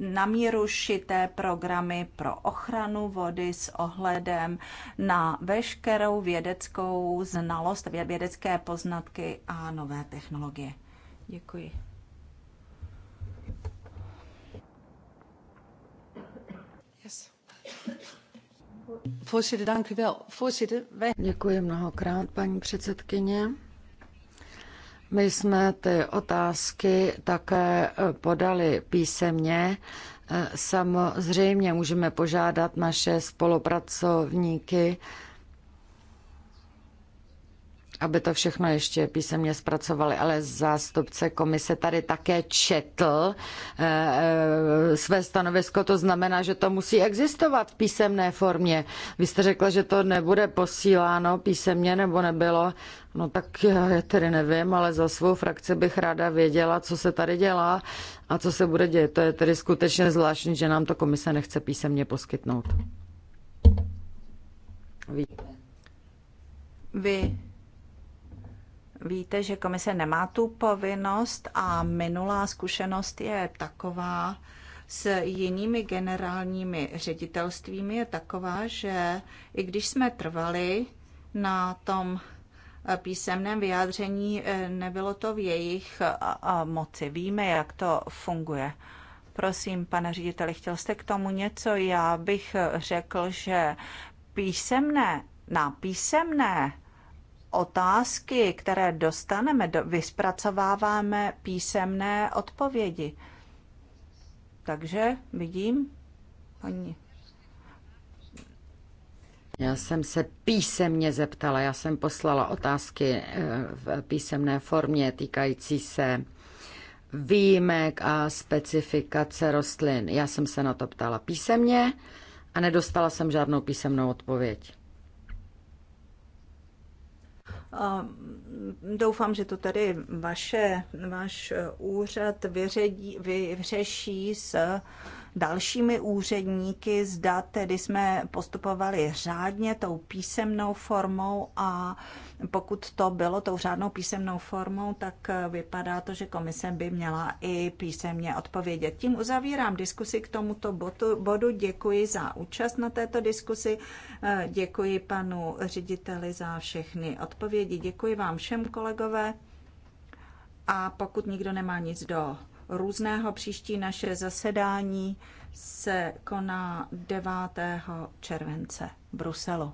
na míru šité programy pro ochranu vody s ohledem na veškerou vědeckou znalost, vědecké poznatky a nové technologie. Děkuji. Děkuji mnohokrát, paní předsedkyně. My jsme ty otázky také eh, podali písemně. Eh, samozřejmě můžeme požádat naše spolupracovníky, aby to všechno ještě písemně zpracovali, ale zástupce komise tady také četl eh, eh, své stanovisko, to znamená, že to musí existovat v písemné formě. Vy jste řekla, že to nebude posíláno písemně nebo nebylo. No tak já tedy nevím, ale za svou frakci bych ráda věděla, co se tady dělá a co se bude dělat. To je tedy skutečně zvláštní, že nám to komise nechce písemně poskytnout. Víte. Vy Víte, že komise nemá tu povinnost a minulá zkušenost je taková s jinými generálními ředitelstvími je taková, že i když jsme trvali na tom eh, písemném vyjádření, eh, nebylo to v jejich moci. Víme, jak to funguje. Prosím, pane řediteli, chtěl jste k tomu něco? Já bych eh, řekl, že písemné, na písemné otázky, které dostaneme, do, vyspracováváme písemné odpovědi. Takže vidím, paní. Já jsem se písemně zeptala, já jsem poslala otázky eh, v písemné formě týkající se výjimek a specifikace rostlin. Já jsem se na to ptala písemně a nedostala jsem žádnou písemnou odpověď. Mm, doufám, že to tady vaše, váš eh, úřad vyředí, vyřeší s dalšími úředníky, zda tedy jsme postupovali řádně tou písemnou formou a pokud to bylo tou řádnou písemnou formou, tak vypadá to, že komise by měla i písemně odpovědět. Tím uzavírám diskusi k tomuto bodu. Děkuji za účast na této diskusi. Děkuji panu řediteli za všechny odpovědi. Děkuji vám všem kolegové. A pokud nikdo nemá nic do různého. Příští naše zasedání se koná 9. července v Bruselu.